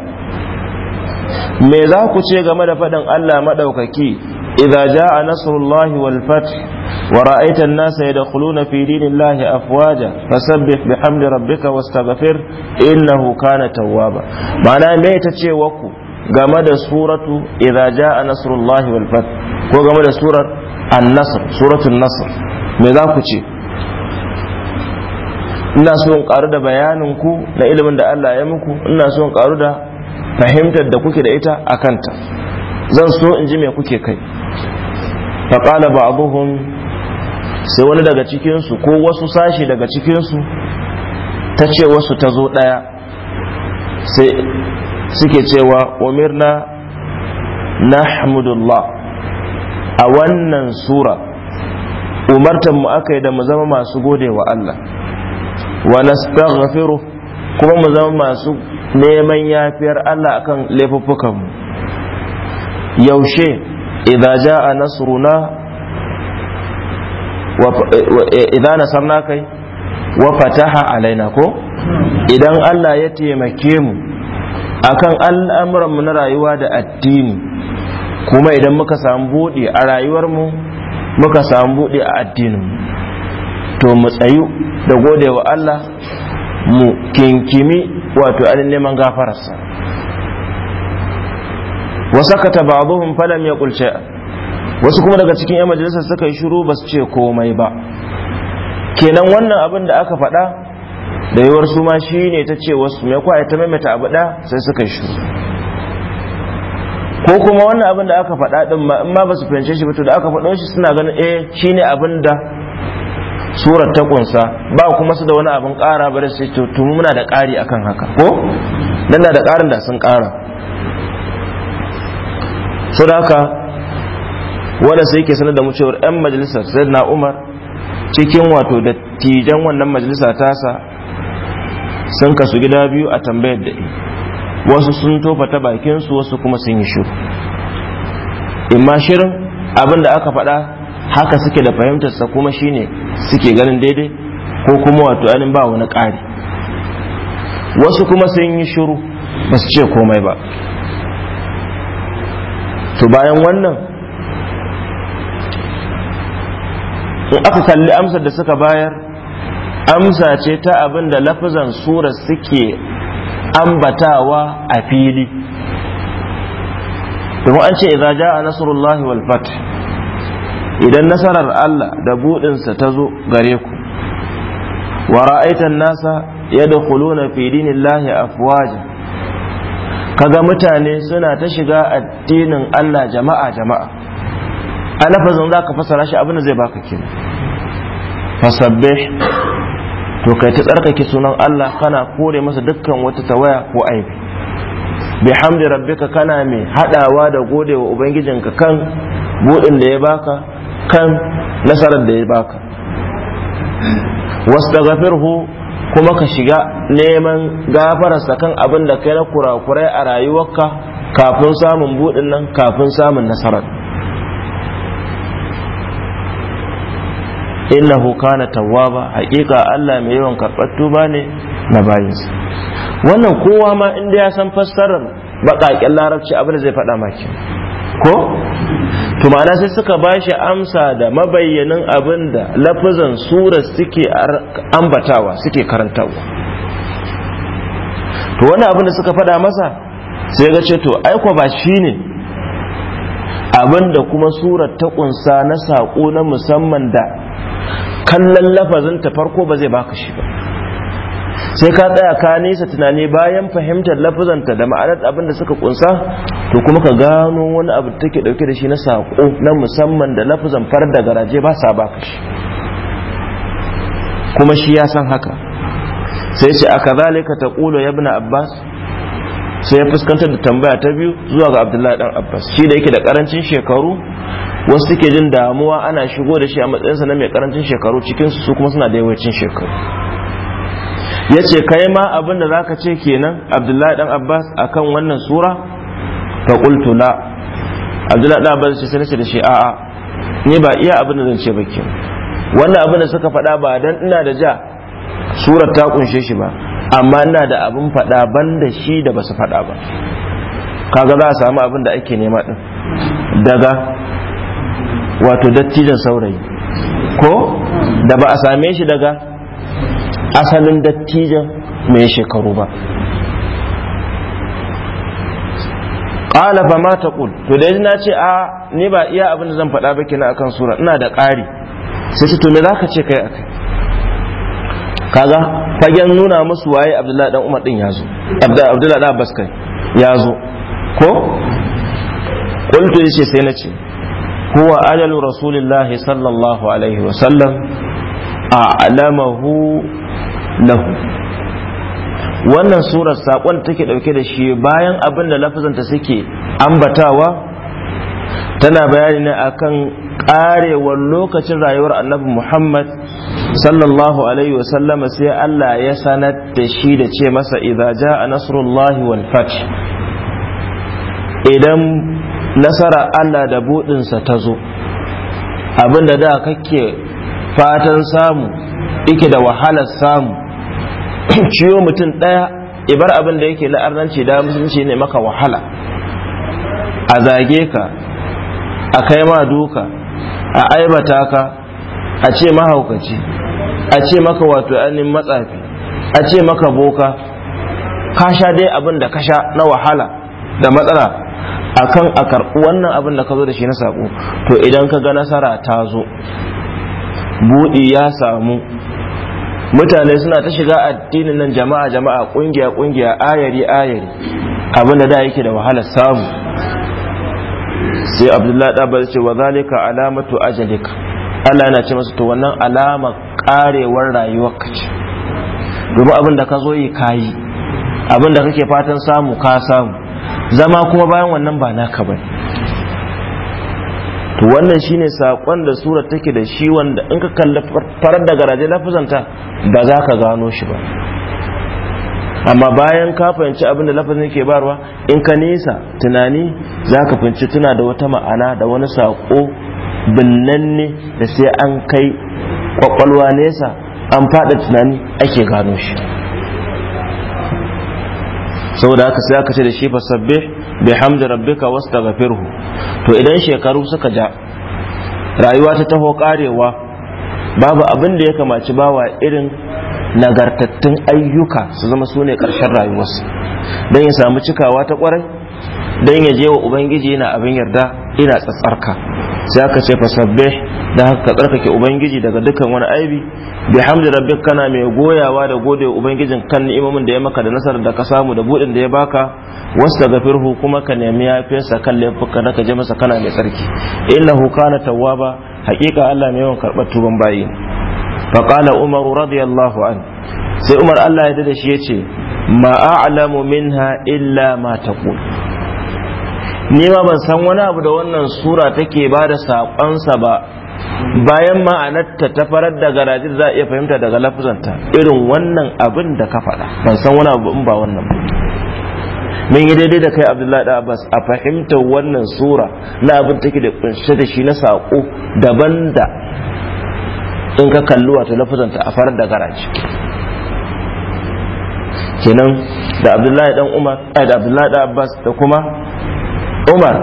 me za ku ce game da faɗin Allah maɗaukaki إذا جاء نصر الله والفتح ورأيت الناس يدخلون في دين الله أفواجا فسبح بحمد ربك واستغفر إنه كان توابا معنى ميتة وكو game da suratu idza jaa nasrullahi wal fath ko سورة النصر سورة النصر ماذا كتشي ina so in karu da bayanin ku na ilimin da Allah ya muku ina so in karu da fahimtar da kuke da ita akanta zan so in ji me kuke kai faƙala ba abuhun sai wani daga cikinsu ko wasu sashi daga cikinsu ta ce wasu ta zo ɗaya sai suke cewa umirna nahmudullah a wannan sura umartan mu aka da mu zama masu gode wa Allah wa nastaghfiru kuma mu zama masu neman yafiyar Allah akan mu yaushe idza jaa nasruna wa idza nasarna kai wa fataha alaina ko idan Allah ya taimake mu akan al'amuran mu na rayuwa da addini kuma idan muka samu bude a rayuwar mu muka samu buɗe a addinin mu to mu tsayu da godewa Allah mu kinkimi wato an neman gafararsa wa taba ba'dhum falam ya kulce, wasu kuma daga cikin yan majalisar suka yi shuru ba su ce komai ba kenan wannan abin da aka faɗa da yiwuwar su ma shi ne ta ce wasu mai kwaya ta maimaita abu ɗa sai suka yi shuru, ko kuma wannan abin da aka faɗa ɗin ma in ma ba su fahimce shi ba to da aka faɗo shi suna ganin eh shi ne abin da surar ta kunsa ba kuma su da wani abin ƙara bare sai to mu muna da ƙari akan haka ko dan da ƙarin da sun ƙara sadaka wanda sai ke sanar da mu cewar 'yan majalisar sai na umar cikin wato dattijan wannan majalisa tasa sun kasu gida biyu a tambayar da wasu sun tofa ta bakinsu wasu kuma sun yi shiru imma shirin abin da aka faɗa haka suke da fahimtarsa kuma shine suke ganin daidai ko kuma wato anin ba wani ƙari wasu kuma sun yi shiru ba su ce komai ba to bayan wannan in aka kalli amsar da suka bayar amsa ce ta abin da lafazan sura suke ambatawa a fili domin an ce ja jaa nasrullahi wal fath idan nasarar Allah da buɗinsa ta zo gare ku wa ra'aitan nasa yadkhuluna fi dinillahi afwaja kaga mutane suna ta shiga addinin Allah jama'a jama'a a lafazin za ka fasara shi abin da zai baka ke. fasabbih to kai ta tsarkake sunan Allah kana kore masa dukkan wata tawaya ko aibi hamdi rabbika kana mai hadawa da gode wa ubangijinka kan budin da ya baka kan nasarar da ya baka wastaghfirhu kuma ka shiga neman gafararsa kan abin da kai na kurakurai a rayuwarka kafin samun buɗin nan kafin samun nasarar innahu kana tawwaba haƙiƙa Allah mai yawan karɓar tuba ne na bayinsa wannan kowa ma inda ya san fassarar baƙaƙen larabci abin da zai faɗa maki ko to ma'ana sai suka ba shi amsa da mabayyanin abin da lafazan sura suke ambatawa suke karantawa to wani abin da suka faɗa masa sai ga ce to aiko ba shi ne abin da kuma surar ta ƙunsa na saƙo na musamman da kallon lafazin ta farko ba zai baka shi ba sai ka tsaya ka nesa tunani bayan fahimtar lafazanta da ma'anar abin da suka kunsa to kuma ka gano wani abu da take dauke da shi na sako na musamman da lafazan farar da garaje ba sa baka shi kuma shi ya san haka sai ce aka zalika ta kula ya bina abbas sai ya fuskantar da tambaya ta biyu zuwa ga abdullahi dan abbas shi da yake da karancin shekaru wasu suke jin damuwa ana shigo da shi a matsayinsa na mai karancin shekaru cikinsu su kuma suna da yawancin shekaru ya ce kai ma abin da zaka ce kenan abdullahi dan abbas akan wannan sura fa qultu la abdullahi dan abbas sai da shi a'a ni ba iya abin da zan ce ba ke wannan abin da suka faɗa ba dan ina da ja surar ta kunshe shi ba amma ina da abin faɗa ban da shi da basu faɗa ba kaga za a samu abin da ake nema din daga wato dattijan saurayi ko da ba a same shi daga asalin dattijan mai shekaru ba ƙala fa ma ƙul to da na ce a ni ba iya abin da zan faɗa ba kina akan sura ina da ƙari sai ce to me zaka ce kai akai kaga fagen nuna musu waye abdullahi dan umar din yazo abdullahi dan abbas kai yazo ko qultu yace sai na ce huwa ajalu rasulillahi sallallahu alaihi wa sallam a'lamahu lahu wannan surar saƙon take ɗauke da shi bayan abin da lafazanta suke ambatawa tana bayani ne akan karewar lokacin rayuwar annabi muhammad sallallahu alaihi wasallam sai allah ya sanar da shi da ce masa idza ja'a nasrullahi wal fath idan nasara allah da buɗinsa ta zo abinda da kake fatan samu ike da wahalar samu ciwo mutum ɗaya ibar abin da yake la'arnanci da musulunci ne maka wahala a zage ka a kai ma duka a aibata ka a ce mahaukaci a ce maka wato ainihin matsafi a ce maka boka ka sha dai abin da ka sha na wahala da matsala a kan a karɓi wannan abin da ka zo da shi na sako to idan ka ga nasara ta zo buɗi ya samu mutane suna ta shiga addinin nan jama'a jama'a kungiya kungiya ayari ayari abinda da yake da wahalar samu sai abdullahi dabar ce wa zalika alamatu ajalika Allah yana ce masa to wannan alama karewar rayuwar ka ce domin abin ka zo yi kayi abin kake fatan samu ka samu zama kuma bayan wannan ba naka bane to wannan shine sakon da sura take da shi wanda in ka kalli farar da garaje lafazanta ba za ka gano shi ba amma bayan ka fahimci abin da lafazin ke barwa in ka nesa tunani za ka fahimci tuna da wata ma'ana da wani sako binnanne da sai an kai kwakwalwa nesa an fada tunani ake gano shi saboda haka sai aka ce da shi fasabbih bihamdi rabbika wastaghfirhu to idan shekaru suka ja rayuwa ta taho karewa babu abin da ya kamaci bawa irin nagartattun ayyuka su zama sune ne ƙarshen rayuwarsu don ya samu cikawa ta kwarai dan ya je wa ubangiji yana abin yarda ina tsatsarka sai aka ce fasabbih da haka ka tsarkake ubangiji daga dukkan wani aibi bi hamdi rabbik kana mai goyawa da gode ubangijin kan ni'imomin da ya maka da nasarar da ka samu da budin da ya baka wasta gafirhu kuma ka nemi yafiyarsa kan laifuka da ka je masa kana mai tsarki innahu kana tawwaba haqiqa Allah mai yawan karbar tuban bayi fa qala umaru radiyallahu an sai umar Allah ya da shi yace ma a'lamu minha illa ma taqul ni ma ban san wani abu da wannan sura take ba da sa ba bayan ma'anarta ta farar da garajin za a iya fahimta daga lafuzanta irin wannan abin da ka faɗa ban san wani abu in ba wannan ba mun yi daidai da kai abdullahi da abbas a fahimtar wannan sura na abin take da kunshe da shi na saƙo daban da in ka kalli wato lafuzanta a farar da garaji kenan da abdullahi dan umar eh, da abdullahi da abbas da kuma umar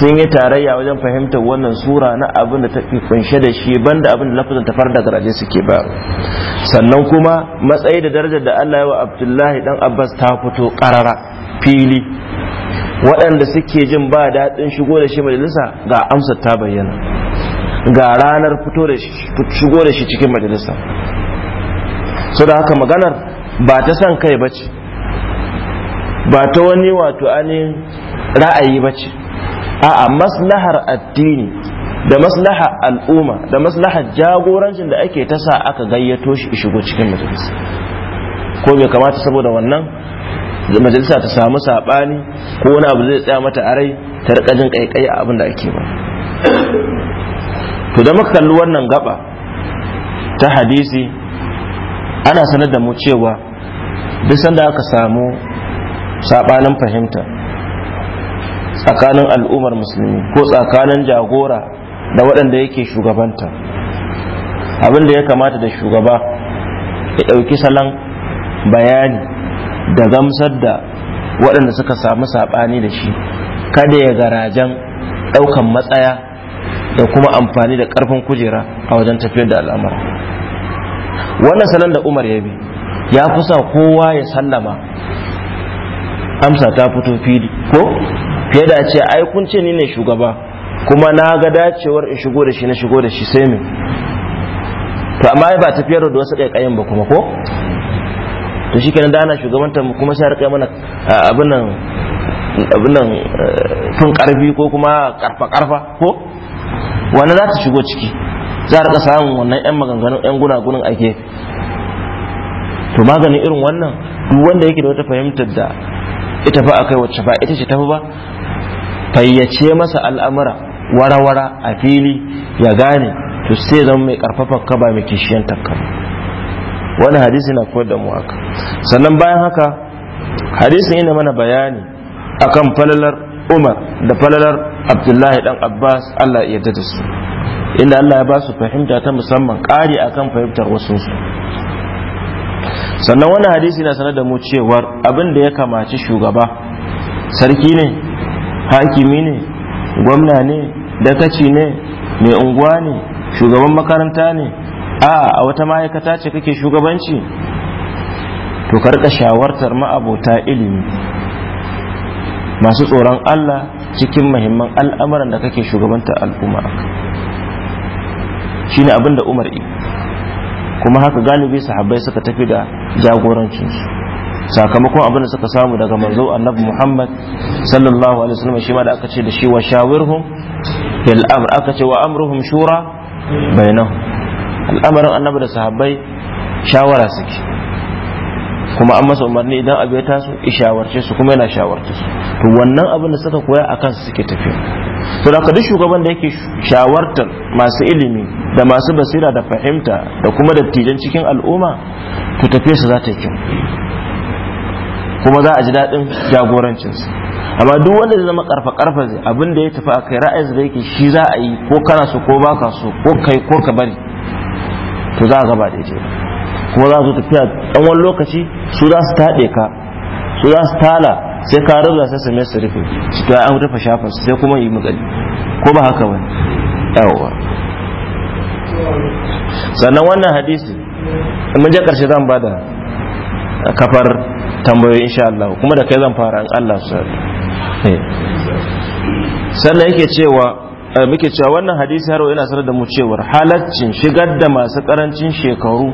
sun yi tarayya wajen fahimtar wannan sura na abin da take kunshe da shi ban da abin da lafazin tafar da garaje suke ba sannan kuma matsayi da darajar da Allah ya wa Abdullahi dan Abbas ta fito karara fili waɗanda suke jin ba daɗin shigo da shi majalisa ga amsar ta bayyana ga ranar fito da shigo da shi cikin majalisa Suda da haka maganar ba ta son kai ba ce, ba ta wani wato ainihin ra'ayi ba ce. a'a maslahar addini da maslahar al'umma da maslahar jagorancin da ake ta sa aka gayyato shi shigo cikin majalisa ko bai kamata saboda wannan majalisa ta samu saɓani ko wani abu zai tsaya mata arai ta rika jin kaikai a abin da ake ba to da muka kalli wannan gaba ta hadisi ana sanar da mu cewa duk sanda aka samu saɓanin fahimta tsakanin al'ummar musulmi ko tsakanin jagora da waɗanda yake shugabanta abinda ya kamata da shugaba ya ɗauki salon bayani da gamsar da waɗanda suka samu saɓani da shi kada ya garajen ɗaukan matsaya da kuma amfani da ƙarfin kujera a wajen tafiyar da al'amura wannan salon da umar ya bi ya kusa kowa ya sallama amsa ta fito fili ko fiye da ce ai kun ce ni ne shugaba kuma na ga dacewar in shigo da shi na shigo da shi sai me to amma ba tafiyar da wasu kaikayin ba kuma ko to shi kenan da ana shugabanta kuma sai rika mana abin nan abin nan eh, fin karfi ko kuma karfa karfa ko wani za ta shigo ciki za a rika samun wannan yan maganganun yan gunagunin a gefe to maganin irin wannan duk wanda yake da wata fahimtar da ita fa akai wacce ba ita ce tafi ba fayyace masa al'amura warawara a fili ya gane to sai zama mai karfafa ka ba mai kishiyan takka wani hadisi na koyar da mu sannan bayan haka hadisin yana mana bayani akan falalar umar da falalar abdullahi dan abbas allah ya da su inda allah ya ba su fahimta ta musamman ƙari akan fahimtar wasu su sannan wani hadisi na sanar da mu cewar abin da ya kamaci shugaba sarki ne hakimi ne gwamna ne dakaci ne mai unguwa ne shugaban makaranta ne a a wata ma'aikata ce kake shugabanci to karka shawartar ma'abota ilimi masu tsoron Allah cikin mahimman al'amuran da kake shugabanta al'umma shine abin da Umar kuma haka galibi sahabbai suka tafi da jagorancinsu sakamakon abin da suka samu daga manzo annabi Muhammad sallallahu alaihi wasallam shi ma da aka ce da shi wa shawirhum bil amr aka ce wa amruhum shura bainahum al'amarin annabi da sahabbai shawara suke kuma an masa umarni idan abu ya taso shawarce su kuma yana shawarce su to wannan abin da suka koya a kansu suke tafiya to da duk shugaban da yake shawartar masu ilimi da masu basira da fahimta da kuma dattijan cikin al'umma to tafiyarsa za ta yi kyau kuma za a ji daɗin jagorancinsa amma duk wanda zai zama karfa karfa zai abin da ya tafi a kai ra'ayin da yake shi za a yi ko kana so ko baka so ko kai ko ka bari to za a gaba da ita kuma za su tafiya ɗan wani lokaci su za su taɗe ka su za su tala sai ka rubuta sai same su rufe su ta an rufe shafin sai kuma yi magani ko ba haka ba yawa sannan wannan hadisi mun je karshe zan bada kafar tambayoyi insha Allah kuma da kai zan fara in Allah su eh. sannan yake cewa eh, muke cewa wannan hadisi har yana sanar da mu cewar halaccin shigar da masu karancin shekaru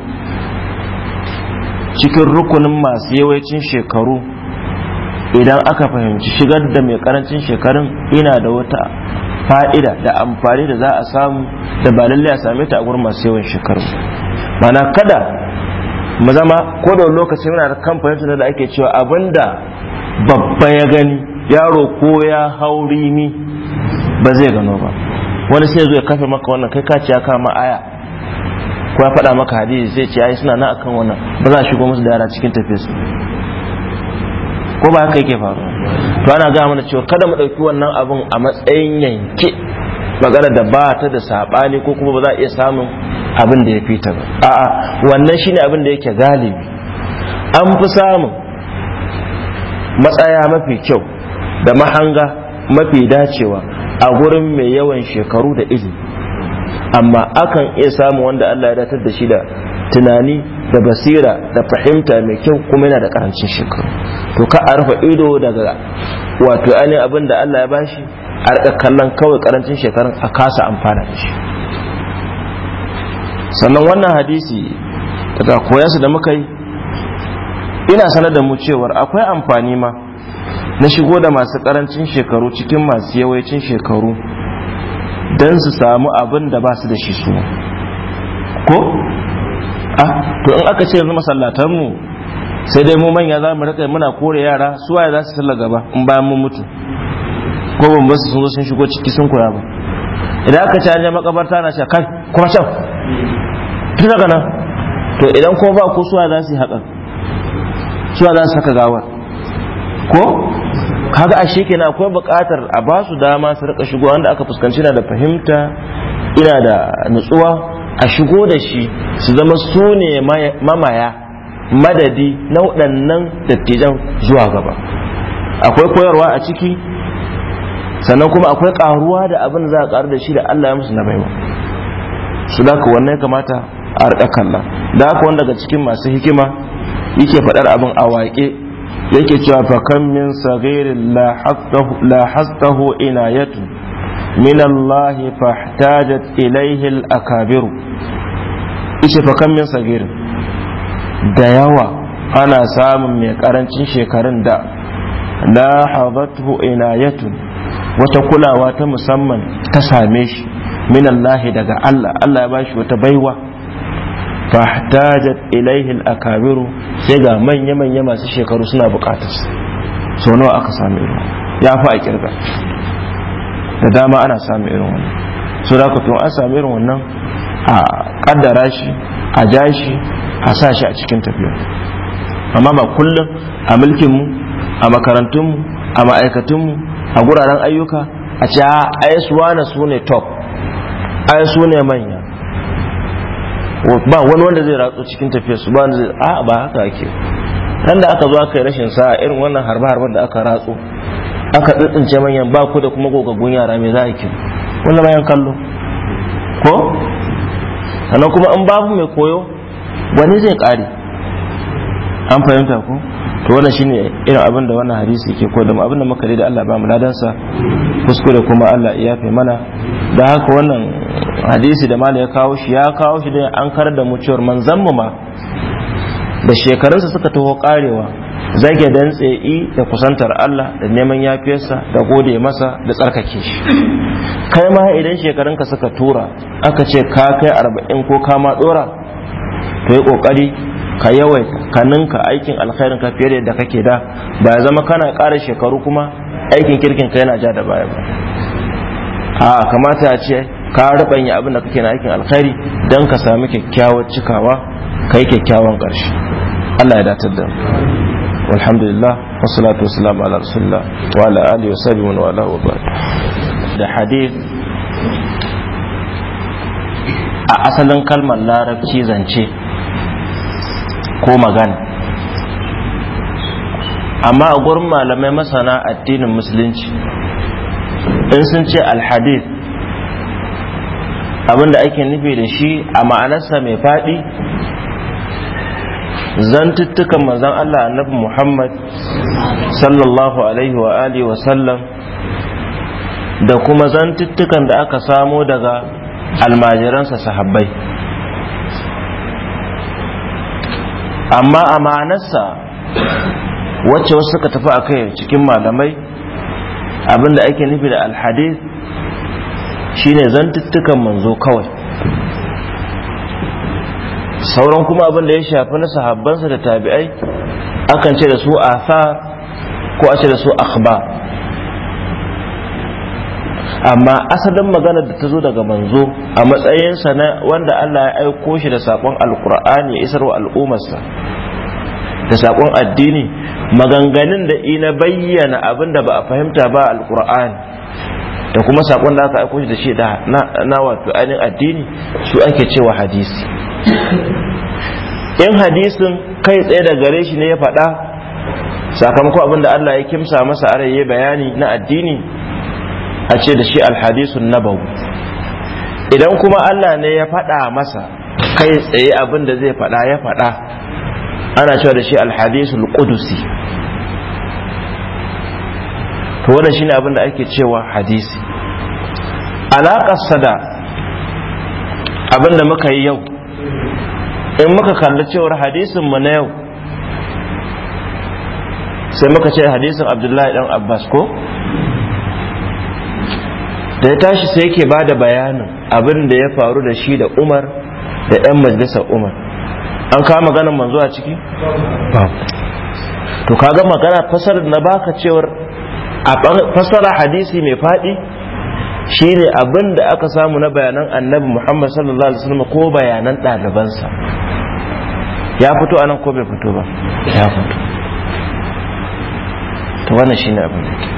cikin rukunin masu yawancin shekaru idan aka fahimci shigar da mai karancin shekarun ina da wata fa'ida da amfani da za a samu da ba lallai a same ta a gurin masu yawan shekaru mana kada mu zama ko da lokaci muna da kamfanin da ake cewa abinda babba ya gani yaro ko ya hauri ni ba zai gano ba wani sai zo ya kafe maka wannan kai kaci ya kama aya ko ya faɗa maka hadisi sai ce ai suna na akan wannan ba za a shigo musu da yara cikin tafiyarsu ko ba haka yake faru to ana ga mana cewa kada mu ɗauki wannan abun a matsayin yanke magana da ba ta da saɓani ko kuma ba za a iya samun abin da ya fita ba a'a wannan shine abin da yake galibi an fi samun matsaya mafi kyau da mahanga mafi dacewa a gurin mai yawan shekaru da izi, amma akan iya samun wanda Allah ya datar da shi da tunani da basira da fahimta mai kyau kuma yana da karancin shekaru to ka a rufe ido daga wato ainihin abin da Allah ya bashi a rika kallon kawai karancin shekarun a kasa amfana da shi sannan wannan hadisi daga koyarsa da muka yi ina sanar da mu cewar akwai amfani ma na shigo da masu karancin shekaru cikin masu yawancin shekaru don su samu abin da ba su da shi su ko a to in aka ce zama masallatanmu sai dai mu manya za mu rika muna kore yara su waye za su sallar gaba in bayan mu mutu ko ban basu sun zo sun shigo ciki sun koya ba idan aka ci hanyar makabarta na ce kai kuma can tun daga nan to idan ko ba ko suwa za su yi suwa za su saka gawar ko kaga a shi kenan akwai buƙatar a ba su dama su rika shigo wanda aka fuskanci na da fahimta ina da nutsuwa a shigo da shi su zama su ne mamaya madadi na waɗannan dattijan zuwa gaba akwai koyarwa a ciki sannan kuma akwai karuwa da abin za a karu da shi da Allah ya musu na baiwa su da ka wannan kamata a rika kalla da haka wanda daga cikin masu hikima yake faɗar abin a waƙe yake cewa fakan min Sagirin, la hastahu inayatu min allahi fahtajat ilaihil a akabiru ishe fakan min Sagirin. da yawa ana samun mai karancin shekarun da la Ina inayatun wata kulawa ta musamman ta same shi minallahi daga Allah Allah ya bashi wata baiwa fahtajat ilaihi al-akabiru sai ga manya manya masu shekaru suna bukatar so nawa aka samu irin ya fi a kirga da dama ana samu irin wannan so da ku an sami irin wannan a kaddara shi a ja shi a sa shi a cikin tafiya amma ba kullum a mulkinmu a makarantunmu a ma'aikatunmu a guraren ayyuka a ce ah, ai su wane su ne top ai su ne manya ba wani wanda zai ratsu cikin tafiyar su ba wanda zai a ah, ba haka ake nan da aka zo aka yi rashin sa'a irin wannan harba-harbar da aka ratsu aka tsintsince manyan ba ku da kuma gogaggun yara mai za a ki wannan bayan kallo ko sannan kuma an babu mai koyo wani zai kare an fahimta ko to wannan shine irin abin da wannan hadisi ke da mu abin da muka da Allah ba mu ladansa kuskure kuma Allah ya yafe mana da haka wannan hadisi da mala ya kawo shi ya kawo shi da an karar da mu cewar manzon mu ma da shekarunsa suka taho karewa zage dantse i da kusantar Allah da neman yafiyarsa da gode masa da tsarkake shi kai ma idan shekarunka suka tura aka ce ka kai arba'in ko ka ma dora to yi kokari ka yawaita ka ninka aikin alkhairin ka fiye da yadda kake da ba ya zama kana ƙara shekaru kuma aikin kirkin ka yana ja da baya ba a kamata ya ce ka rubanya abin da kake na aikin alkhairi don ka sami kyakkyawar cikawa ka yi kyakkyawan ƙarshe Allah ya datar da alhamdulillah wasu wassalamu ala rasulullah wa ala alihi wa sahbihi wa ala wa da hadith a asalin kalmar larabci zance ko magana amma a gurin malamai masana addinin musulunci in sun ce alhadith abinda ake nufi da shi a ma'anarsa mai faɗi zantuttukan manzon Allah annabi Muhammad sallallahu alaihi wa alihi wa sallam da kuma zantuttukan da aka samo daga almajiransa sahabbai amma amanarsa wacce wasu suka tafi a kai cikin malamai abinda ake nufi da alhadis shine zantuttukan manzo kawai sauran kuma abin da ya shafi na sahabbansa da tabi'ai akan ce da su Asa ko a ce da su akhbar amma asalin magana da ta zo daga manzo a matsayinsa na wanda Allah ya aiko shi da saƙon alkur'ani ya isar wa al'ummarsa da saƙon addini maganganun da ina bayyana abinda ba a fahimta ba alkur'ani da kuma saƙon da aka aiko shi da shi na wato ainihin addini su ake cewa hadisi in hadisin kai tsaye da gare shi ne ya faɗa sakamakon abinda Allah ya kimsa masa arai ya bayani na addini a ce da shi alhadisun nabawi idan kuma Allah ne ya faɗa masa kai tsaye abin da zai faɗa ya faɗa ana cewa da shi alhadisun kudusi to wannan shine abin da ake cewa hadisi alaƙar da abin da muka yi yau in muka kalli cewar hadisin mu na yau sai muka ce hadisin abdullahi dan abbas ko da ya tashi sai yake ba da bayanin abin da ya faru da shi da umar da 'yan majalisar umar an kawo maganin manzo a ciki? to kaga magana fasar na baka cewar a fasara hadisi mai fadi shine abin da aka samu na bayanan annabi muhammad sallallahu alaihi wasallam ko bayanan ɗalibansa ya fito a nan ko bai fito ba ya fito to wannan shine abin da ke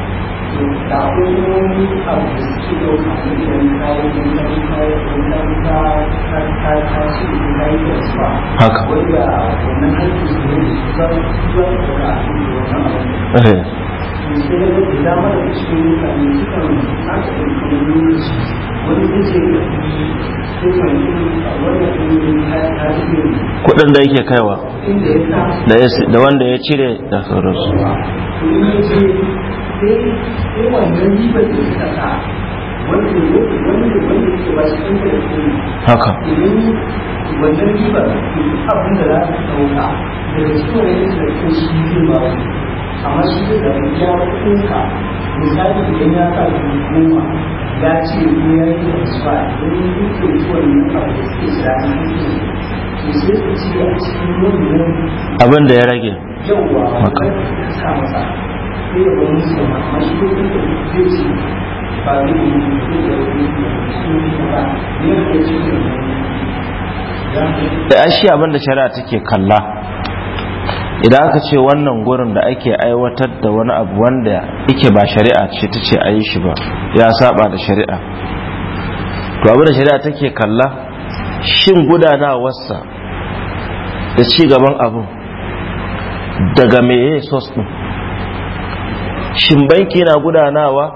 haka eh. da yake kaiwa da wanda ya cire da sauransu sai sai wannan ribar da suka sa wanda wanda wanda ke shi da su haka idan wannan ribar abin da za su sauka daga cikin wani da ke shi zai ba su amma shi da ya kuka misali idan ya sa su goma ya ce ko ya yi da su ba idan ya yi da da suke shi su sai su ci a cikin wannan abin da ya rage yauwa wanda sa masa ya da abinda shari'a take kalla idan aka ce wannan gurin da ake aiwatar da wani abu wanda yake ba shari'a ce ta ce a shi ba ya saba da shari'a to abin da shari'a take kalla shin gudanawarsa da ci gaban abun daga meye sos din shin banki yana gudanawa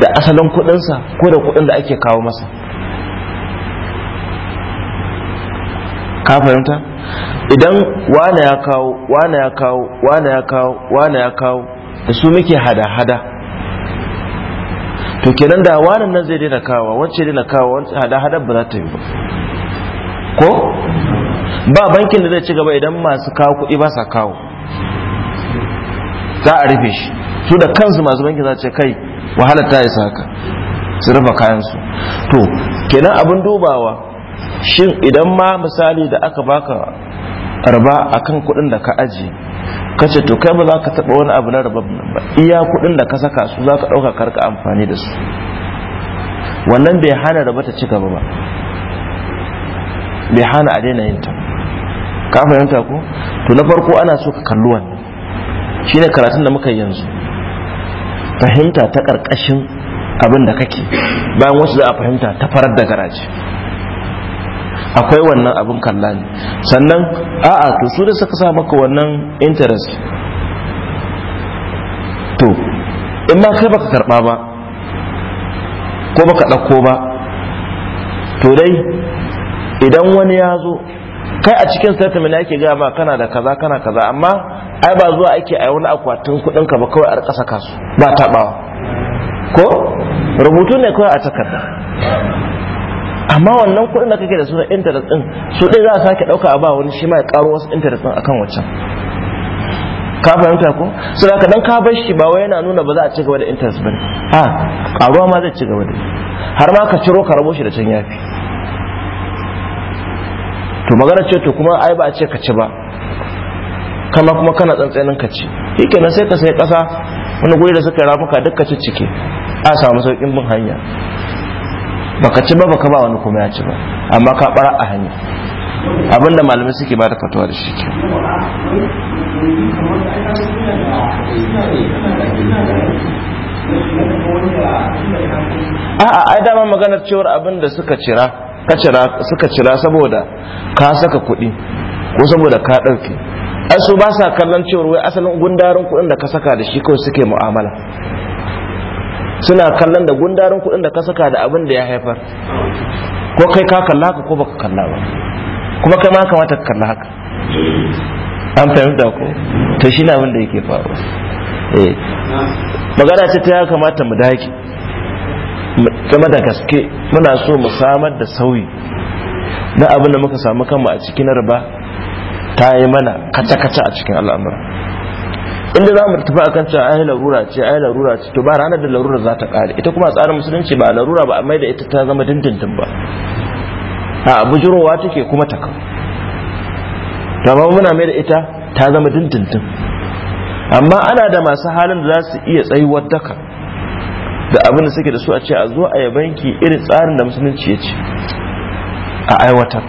da asalin kudinsa ko da kudin da ake kawo masa ka fahimta idan wane ya kawo wane ya kawo wane ya kawo wane ya kawo da su muke hada-hada to kenan da wanan nan zai daina kawo wacce daina kawo hada-hada ba za ta yi ba ko ba bankin da zai ci gaba idan masu kawo kuɗi ba sa kawo za a rufe shi su da kansu masu banki za ce kai wahala ta isa haka su rufe kayansu to kenan abin dubawa shin idan ma misali da aka baka raba kan kuɗin da ka aji ka ce to kai ba za ka taɓa wani abu na rababin ba iya kuɗin da ka saka su za ka ɗauka karka rika amfani da su wannan bai hana raba ta ci gaba ba bai hana a daina yin ta ka fahimta ko to na farko ana so ka kalli Shi ne karatun da muka yanzu fahimta ta karkashin abin da kake bayan wasu za a fahimta ta farar da garaji. akwai wannan abin kalla ne sannan a'a to su da suka sa maka wannan interest to in ma kai baka karɓa ba ko baka ɗauko ba to dai idan wani ya zo kai a cikin statement yake gaya ma kana da kaza kana kaza amma ai ba zuwa ake a wani akwatin kudin ka ba kawai a ƙasa kasu ba taɓawa ko rubutu ne kawai a takarda amma wannan kuɗin da kake da suna intanet ɗin su ɗin za a sake ɗauka a ba wani shi ma ya ƙaro wasu intanet ɗin akan wancan ka fahimta ko su da dan ka bar shi ba wai yana nuna ba za a ci gaba da interest ba a ƙaruwa ma zai ci gaba da har ma ka ciro ka rabo shi da can yafi to magana ce to kuma ai ba a ce ka ci ba kama kuma kana tsantsanin ka ci shi sai ka sai kasa wani guri da suka ramuka duk ka ci cike a samu saukin bin hanya Ba ka ci ba ka ba wani kuma ya ci ba amma ka bara a hanya abinda malamai suke ba da fatuwa da shi a'a ai dama maganar cewar abin da suka cira suka cira saboda ka saka kuɗi ko saboda ka ɗauke ai su ba sa kallon cewar wai asalin gundarin kuɗin da ka saka da shi kawai suke mu'amala suna kallon da gundarin kuɗin da ka saka da abin da ya haifar ko kai ka kalla haka ko baka kalla ba kuma kai ma kamata ka kalla haka an fahimta ko to shi na abin da yake faruwa eh. magana ce ta ya kamata mu dake zama da gaske muna so mu samar da sauyi na abin da muka samu kanmu a cikin riba ta yi mana kaca-kaca a cikin al'amura inda za mu tafi akan cewa ai larura ce ai larura ce to ba ranar da larura za ta kare ita kuma tsarin musulunci ba larura ba amma da ita ta zama dindindin ba a bujurowa take kuma ta kan amma muna mai da ita ta zama dindindin amma ana da masu halin da za su iya tsayuwar daka da abin da suke da su a ce a zo a yabanki irin tsarin da musulunci ya ce a aiwatar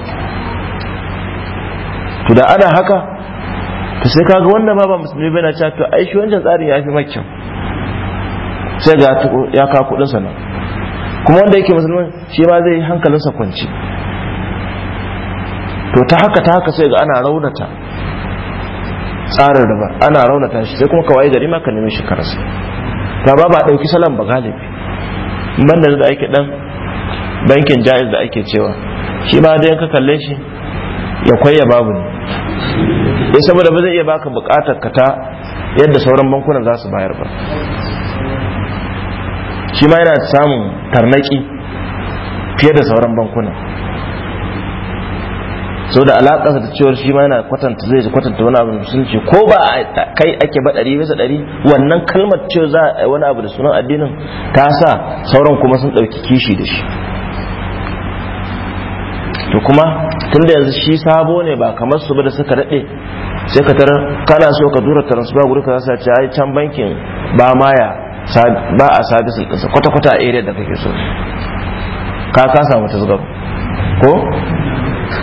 to da ana haka to sai kaga wanda ma ba musulmi bai na cewa to ai shi wancan tsarin ya fi makyau sai ga ya ka kudin sa nan kuma wanda yake musulman shi ma zai hankalinsa kwanci to ta haka ta haka sai ga ana raunata tsarin ba ana raunata shi sai kuma kawai gari ma ka nemi shi karasa ta ba ɗauki salon ba galibi banda da ake ɗan bankin jaiz da ake cewa shi ma dai ka kalle shi ya kwaya babu ne ya eh, saboda ba zai iya baka bukatar ka ta yadda sauran bankunan za su bayar ba shi ma yana samun tarnaki fiye da sauran bankunan so da alaƙa ta cewar shi ma yana kwatanta zai kwatanta wani abu musulunci ko ba a kai ake ba ɗari bisa ɗari wannan kalmar cewa za a wani abu da sunan addinin ta sa sauran kuma sun ɗauki kishi da shi to kuma tun da yanzu shi sabo ne ba kamar su ba da suka daɗe sai ka tara kana so ka tura transfer guri ka sa ce ai can bankin ba maya ba a sabisin ɗinsa kwata-kwata a area da kake so ka kasa mata zuga ko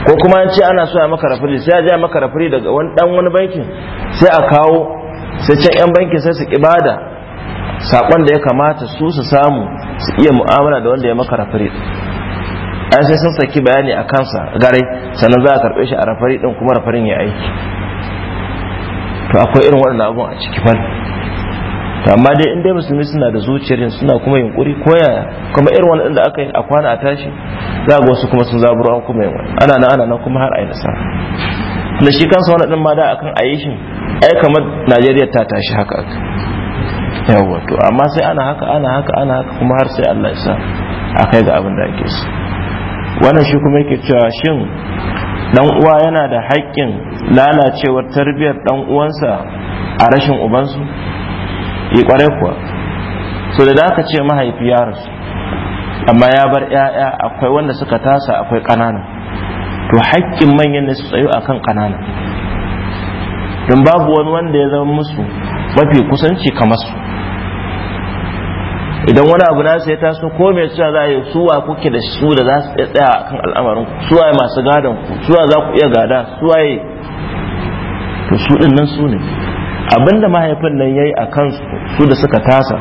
ko kuma an ce ana so a maka rafiri sai a ja maka rafiri daga wani dan wani bankin sai a kawo sai can yan bankin sai su ibada sakon da ya kamata su su samu su iya mu'amala da wanda ya maka rafiri an sai sun saki bayani a kansa gare sannan za a karɓe shi a rafari din kuma rafarin ya aiki to akwai irin waɗannan abun a ciki fal amma dai in dai musulmi suna da zuciyar yin suna kuma yin ko yaya kuma irin wani da aka yi a kwana a tashi za ga wasu kuma sun zaburo an kuma yin wani ana nan ana nan kuma har a yi nasara da shi kansa wani ɗin ma da akan a yi shi ai kamar najeriya ta tashi haka aka yawwa to amma sai ana haka ana haka ana haka kuma har sai allah ya sa a kai ga abin da ake so wannan shi kuma yake cewa shin dan uwa yana da haƙƙin lalacewar tarbiyyar dan uwansa a rashin ubansu yi eh, kwarai kuwa so da aka ce mahaifi ya rasu amma ya bar 'ya'ya akwai wanda suka tasa akwai kanana to haƙƙin manyan ne su tsayo akan ƙanana don babu wani wanda ya zama musu mafi kusanci kamar su idan wani abu na ya taso ko mai suwa za a yi suwa kuke da su da za su tsaya akan al'amarin suwaye masu gadon ku suwa za ku iya gada suwaye to su ɗin nan su ne abinda mahaifin nan yayi a kansu su da suka tasa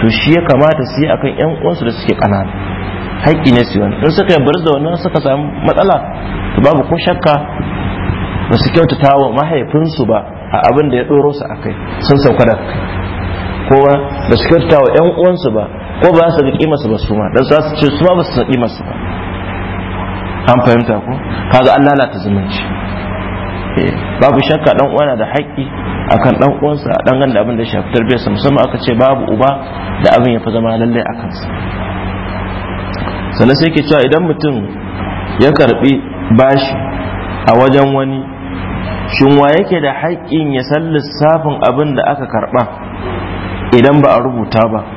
to shi ya kamata su yi akan yan uwansu da suke ƙanana haƙƙi ne su wani in suka yi da wannan suka samu matsala to babu ko shakka ba su kyautata wa mahaifinsu ba a abin da ya ɗoro su akai sun sauka da kai kowa ba su kyautata wa yan uwansu ba ko ba su kima masa ba su ma dan za su ce su ma ba su riƙi masa ba an fahimta ko kaga an lalata zumunci Eh, babu shakka dan uwa da haƙƙi akan dan uwansa dan da abin da ya shafi tarbiyarsa musamman aka ce babu uba da abin ya fi zama lallai a kansa sannan sai ke cewa idan mutum ya karbi bashi a wajen wani shin wa yake da haƙƙin ya san lissafin abin da aka karba idan ba a rubuta ba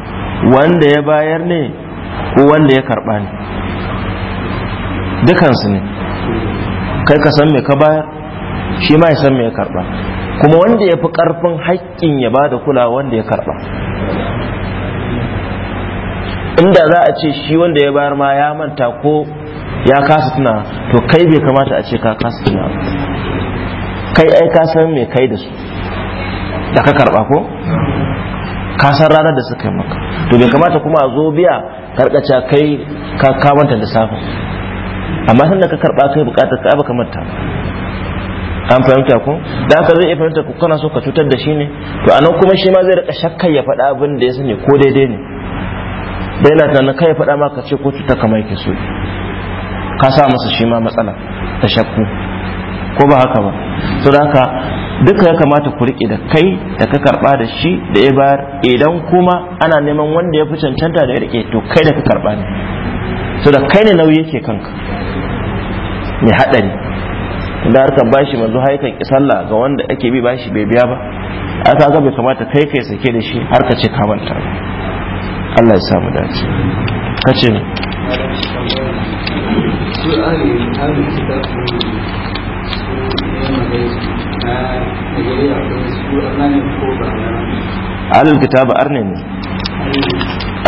wanda ya bayar ne ko wanda ya karba ne dukansu ne kai ka san me ka bayar shi ma ya san me ya karba kuma wanda ya fi karfin haƙƙin ya ba da kula wanda ya karba inda za a ce shi wanda ya bayar ma ya manta ko ya kasa tuna to kai bai kamata a ce ka kasa tuna kai ai ka san me kai da su da ka karba ko ka san ranar da suka yi maka to bai kamata kuma a zo biya karkaca kai ka kamanta lissafin amma sanda ka karba kai bukatar ka baka manta an fahimta ku? da haka zai iya fahimta ku kana so ka cutar da shi ne to anan kuma shi ma zai rika shakkar ya faɗa abin da ya sani ko daidai ne bai na tunanin kai ya faɗa ma ka ce ko cuta kamar yake so ka sa masa shi ma matsala ta shakku ko ba haka ba to da haka duka ya kamata ku riƙe da kai da ka karɓa da shi da ya bayar idan kuma ana neman wanda ya fi cancanta da ya riƙe to kai da ka karɓa ne to da kai ne nauyi yake kanka mai haɗari da harkar bashi manzo haikan sallah ga wanda ake bi bashi bai biya ba a kaga bai kamata kai kai sake da shi har ka ce ka manta Allah ya samu dace ka ce alul kitabu arne ne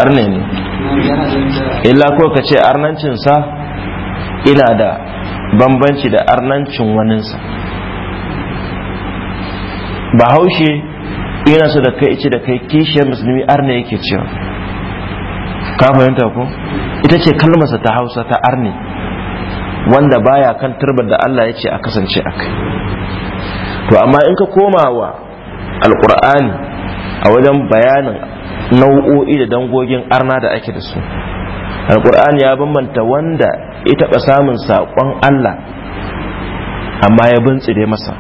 arne ne illa ko ka ce arnancinsa ina da bambanci da arnancin waninsa bahaushe yana so da kai ce da kai kishiyar musulmi arne yake cewa ka fahimta ko ita ce kalmasa ta hausa ta arne wanda baya kan turbar da Allah ya ce a kasance a kai to amma in ka koma wa alkur'ani a wajen bayanin nau'o'i da dangogin arna da ake da su alkur'ani ya bambanta wanda ya taɓa samun saƙon Allah amma ya bintsire masa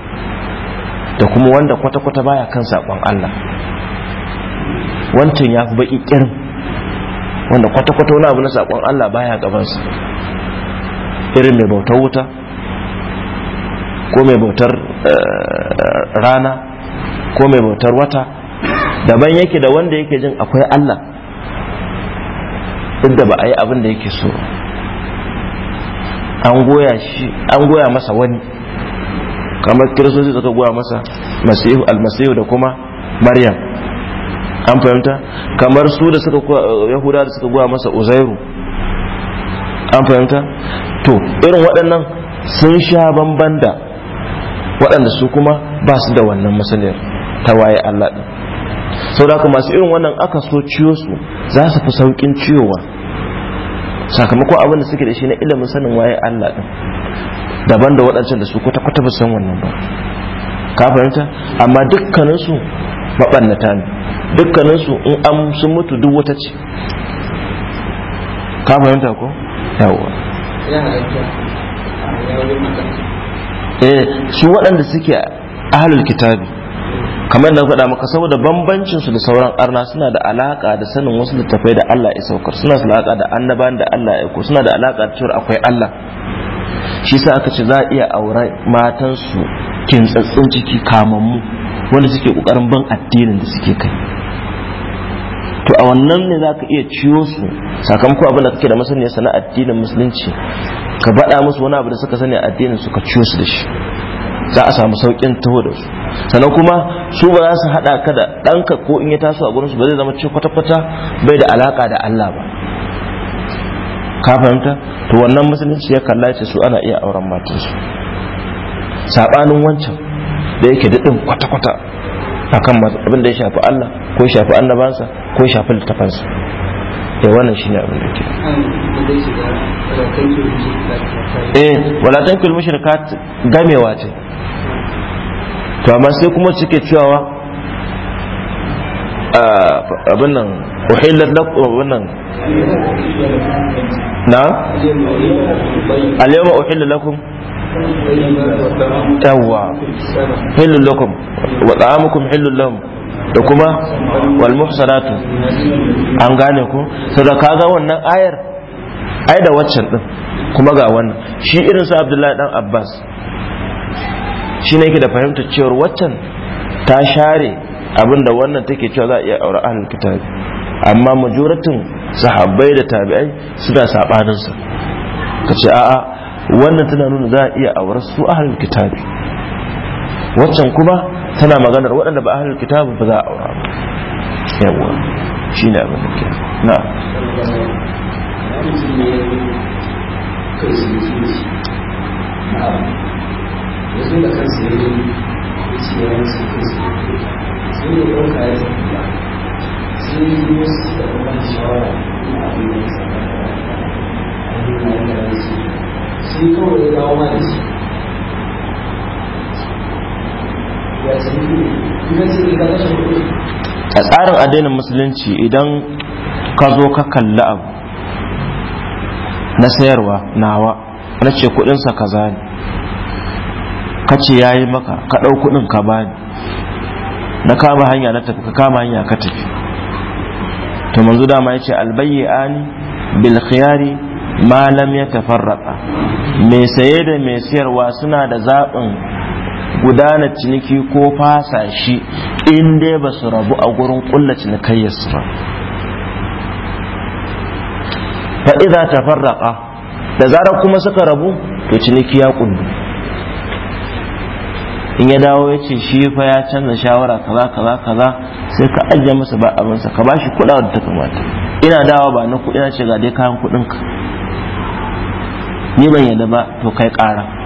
da kuma wanda kwata-kwata baya kan saƙon Allah wancan ya fi baƙi ƙirin wanda kwata-kwata wani abu na saƙon Allah baya gabansa irin mai bautar wuta ko mai bautar eh, rana ko mai bautar wata daban yake da wanda yake jin akwai Allah duk da ba a yi abin da yake so an goya masa wani kamar kiristoci suka goya masa masihu almasihu da kuma maryam an fahimta kamar su da suka yahuda da suka goya masa uzairu an fahimta to irin waɗannan sun sha bamban da waɗanda su kuma ba su da wannan masaniyar ta waye allah ɗin sau da masu irin wannan aka so ciyo su za su fi sauƙin ciyowa sakamakon abin da suke da shi na ilimin sanin waye Allah din daban da waɗancan da su kwata kwata ba san wannan ba ka fahimta amma dukkanin su mabannata ne dukkanin su in an sun mutu duk wata ce ka fahimta ko yawa eh su waɗanda suke ahlul kitabi kamar na faɗa maka saboda bambancin su da sauran arna suna da alaka da sanin wasu littafai da Allah ya saukar suna da alaka da annaban da Allah ya aiko suna da alaka da cewa akwai Allah shi sa aka ce za a iya aure matan su kintsatsin ciki kamammu wanda suke kokarin ban addinin da suke kai to a wannan ne zaka iya ciyo su sakamakon abin da kake da masaniya na addinin musulunci ka baɗa musu wani abu da suka sani addinin su ka ciyo su da shi za a samu saukin taho da su sannan kuma su ba za su haɗa ka da ɗanka ko in ya taso a gurinsu ba zai zama ce kwata-kwata bai da alaka da Allah ba ka fahimta to wannan musulunci ya kalla ce su ana iya auren su saɓanin wancan da yake daɗin kwata-kwata akan abin da ya shafi Allah ko shafi annabansa ko ya shafi littafansa da eh, wannan shine abin da ke eh wala tankul mushrikat gamewa ce to amma sai kuma suke cewa abin nan uhillat lakum wannan na al-yawma uhillu lakum yawwa hillu lakum wa ta'amukum hillu lakum da kuma wal muhsanatu an gane ku? saboda kaga wannan ayar ai da waccan din kuma ga wannan shi irin sa Abdullahi dan Abbas shi ne yake da fahimtar cewar waccan ta share abinda wannan take cewa za a iya aure ahlul kitabi amma majoratin sahabbai da tabi'ai suna sabanin sa kace a'a wannan tana nuna za a iya aure su ahlul kitabi waccan kuma tana maganar waɗanda ba a halin kitab ba za a aura ba yawa shi ne abin da ke na sai kawai ya dawo ma da shi a tsarin addinin musulunci idan ka zo ka kalli abu na sayarwa nawa na ce kudinsa za ne ka ce ya yi maka ka ɗau kudin ka bani na kama hanya na tafi ka kama hanya ka tafi to manzu dama ya ce albayyi ani bil khiyari ya lam yatafarraqa mai saye da mai sayarwa suna da zaɓin gudana ciniki ko fasa shi in dai ba su rabu a gurin kulla cinikayyarsu su ba fa ta farraƙa da zarar kuma suka rabu to ciniki ya kullu in ya dawo ya ce shi fa ya canza shawara kaza kaza kaza sai ka ajiye masa ba abinsa ka ba shi kuɗa da ta kamata ina dawa ba na kuɗi na ce ga dai kayan kuɗinka ni ban yadda ba to kai ƙara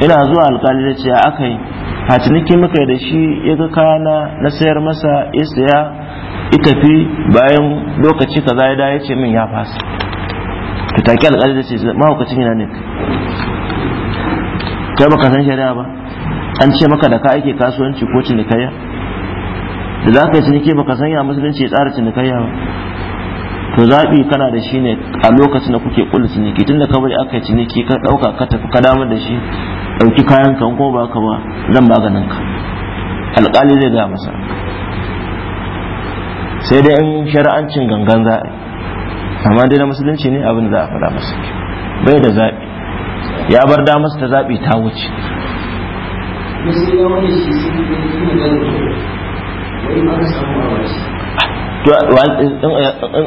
ina zuwa alkali da cewa aka yi a ciniki muka da shi ya ga kana na sayar masa ya saya fi bayan lokaci kaza ya da ya ce min ya fasa ta take alkali da ce mahaukacin yana ne ta baka san shari'a ba an ce maka da ka ake kasuwanci ko cinikayya da za ka yi ciniki baka san ya musulunci ya tsara cinikayya ba to zaɓi kana da shi ne a lokacin da kuke ƙulla ciniki tunda ka bari aka yi ciniki ka ɗauka ka tafi ka damar da shi ɗauki kayan kan ko ba ka ba zan maganin ka alƙali zai gaya masa sai dai in shari'ancin gangan za amma dai na musulunci ne abin za a faɗa masa bai da zaɓi ya bar damar ta zaɓi ta wuce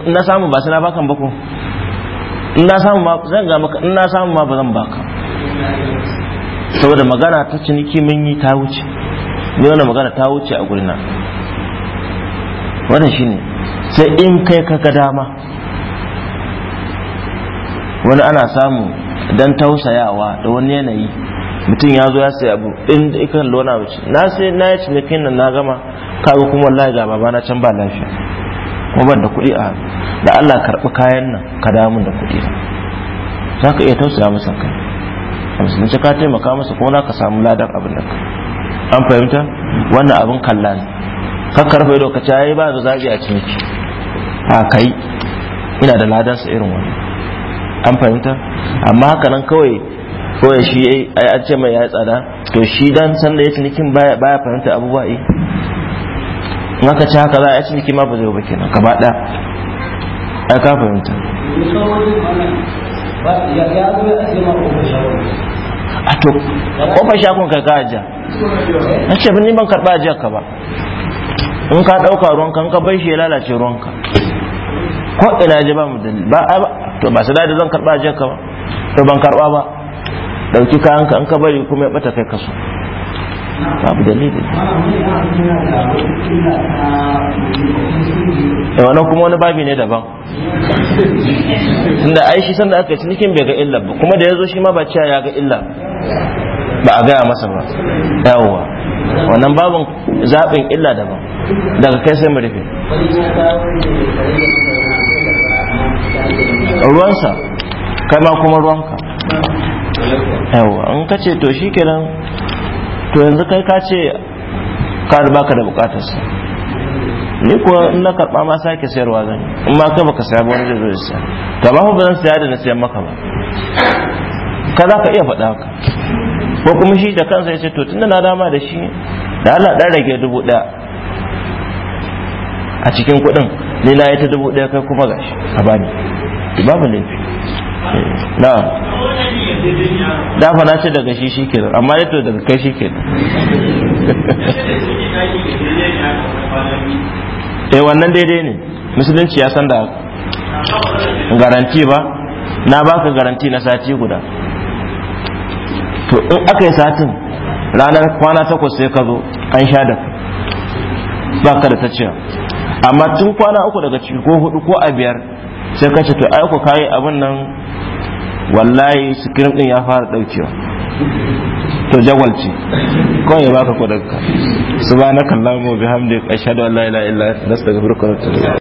na samu ba suna bakan bako in na samu ma zan ga maka in na samu ma ba zan baka saboda magana ta ciniki mun yi ta wuce ni wannan magana ta wuce a gurina. wannan shine sai in kai ka ga dama wani ana samu dan tausayawa da wani yanayi mutum ya zo ya sai abu in ikan lona wuce na sai na yi cinikin nan na gama Ka ga kuma wallahi ga baba na can ba lafiya kuma ban da kuɗi a da Allah karɓi kayan nan ka damun da kuɗi za ka iya tausaya masa kai musulunci ka taimaka masa ko na ka samu ladan abin da an fahimta wannan abin kalla ne kakkar bai lokaci ya yi ba da zaɓi a ciniki a kai ina da ladan sa irin wani an fahimta amma haka nan kawai kawai shi ai an ce mai ya tsada to shi dan sanda ya cinikin baya baya fahimta abubuwa eh in aka ci haka za a yi ciniki ma ba zai ba kenan gaba ɗaya ai ka fahimta ya zo ya ce ma ko a to kofar shagon ka ga ajiya na ce ni ban karɓa ajiyar ka ba in ka ɗauka ruwanka in ka bai shi ya lalace ruwanka ko ina ji ba mu dalili ba to ba su da zan karɓa ajiyar ka ba to ban karɓa ba ɗauki kayan ka in ka bari kuma ya ɓata kai kaso babu dalili eh, wannan kuma wani babi ne daban tunda ai shi sanda aka cinikin bai ga illa ba kuma da ya zo shi ma ba ciya ya ga illa ba a gaya masa ba yawwa wannan babin zaɓin illa daban daga kai sai mu rufe ruwansa kai ma kuma ruwanka yawwa in ka ce to shi kenan to yanzu kai ka ce ka baka da sa ni kuwa in na karɓa ma sake sayarwa zan in ma kai baka saya ba wani zai saya to amma ba zan saya da na sayan maka ba ka za ka iya faɗa haka ko kuma shi da kansa ya ce to tunda na dama da shi da Allah dan rage dubu ɗaya a cikin kuɗin ni na yi ta dubu ɗaya kai kuma gashi a bani babu laifi Da dafa na ce daga shi shi kenan amma ya daga kai shi kenan eh wannan daidai ne musulunci ya san da garanti ba na baka garanti na sati guda to in aka yi satin ranar kwana takwas sai ka zo an sha da baka da ta cewa amma tun kwana uku daga ciki ko hudu ko a biyar sai ka ce to ai ku kai abin nan wallahi screen din ya fara daukewa to jawalci kawai ya baka kudanka subhanakallahumma wa bihamdika ashhadu an la ilaha illa anta astaghfiruka wa atubu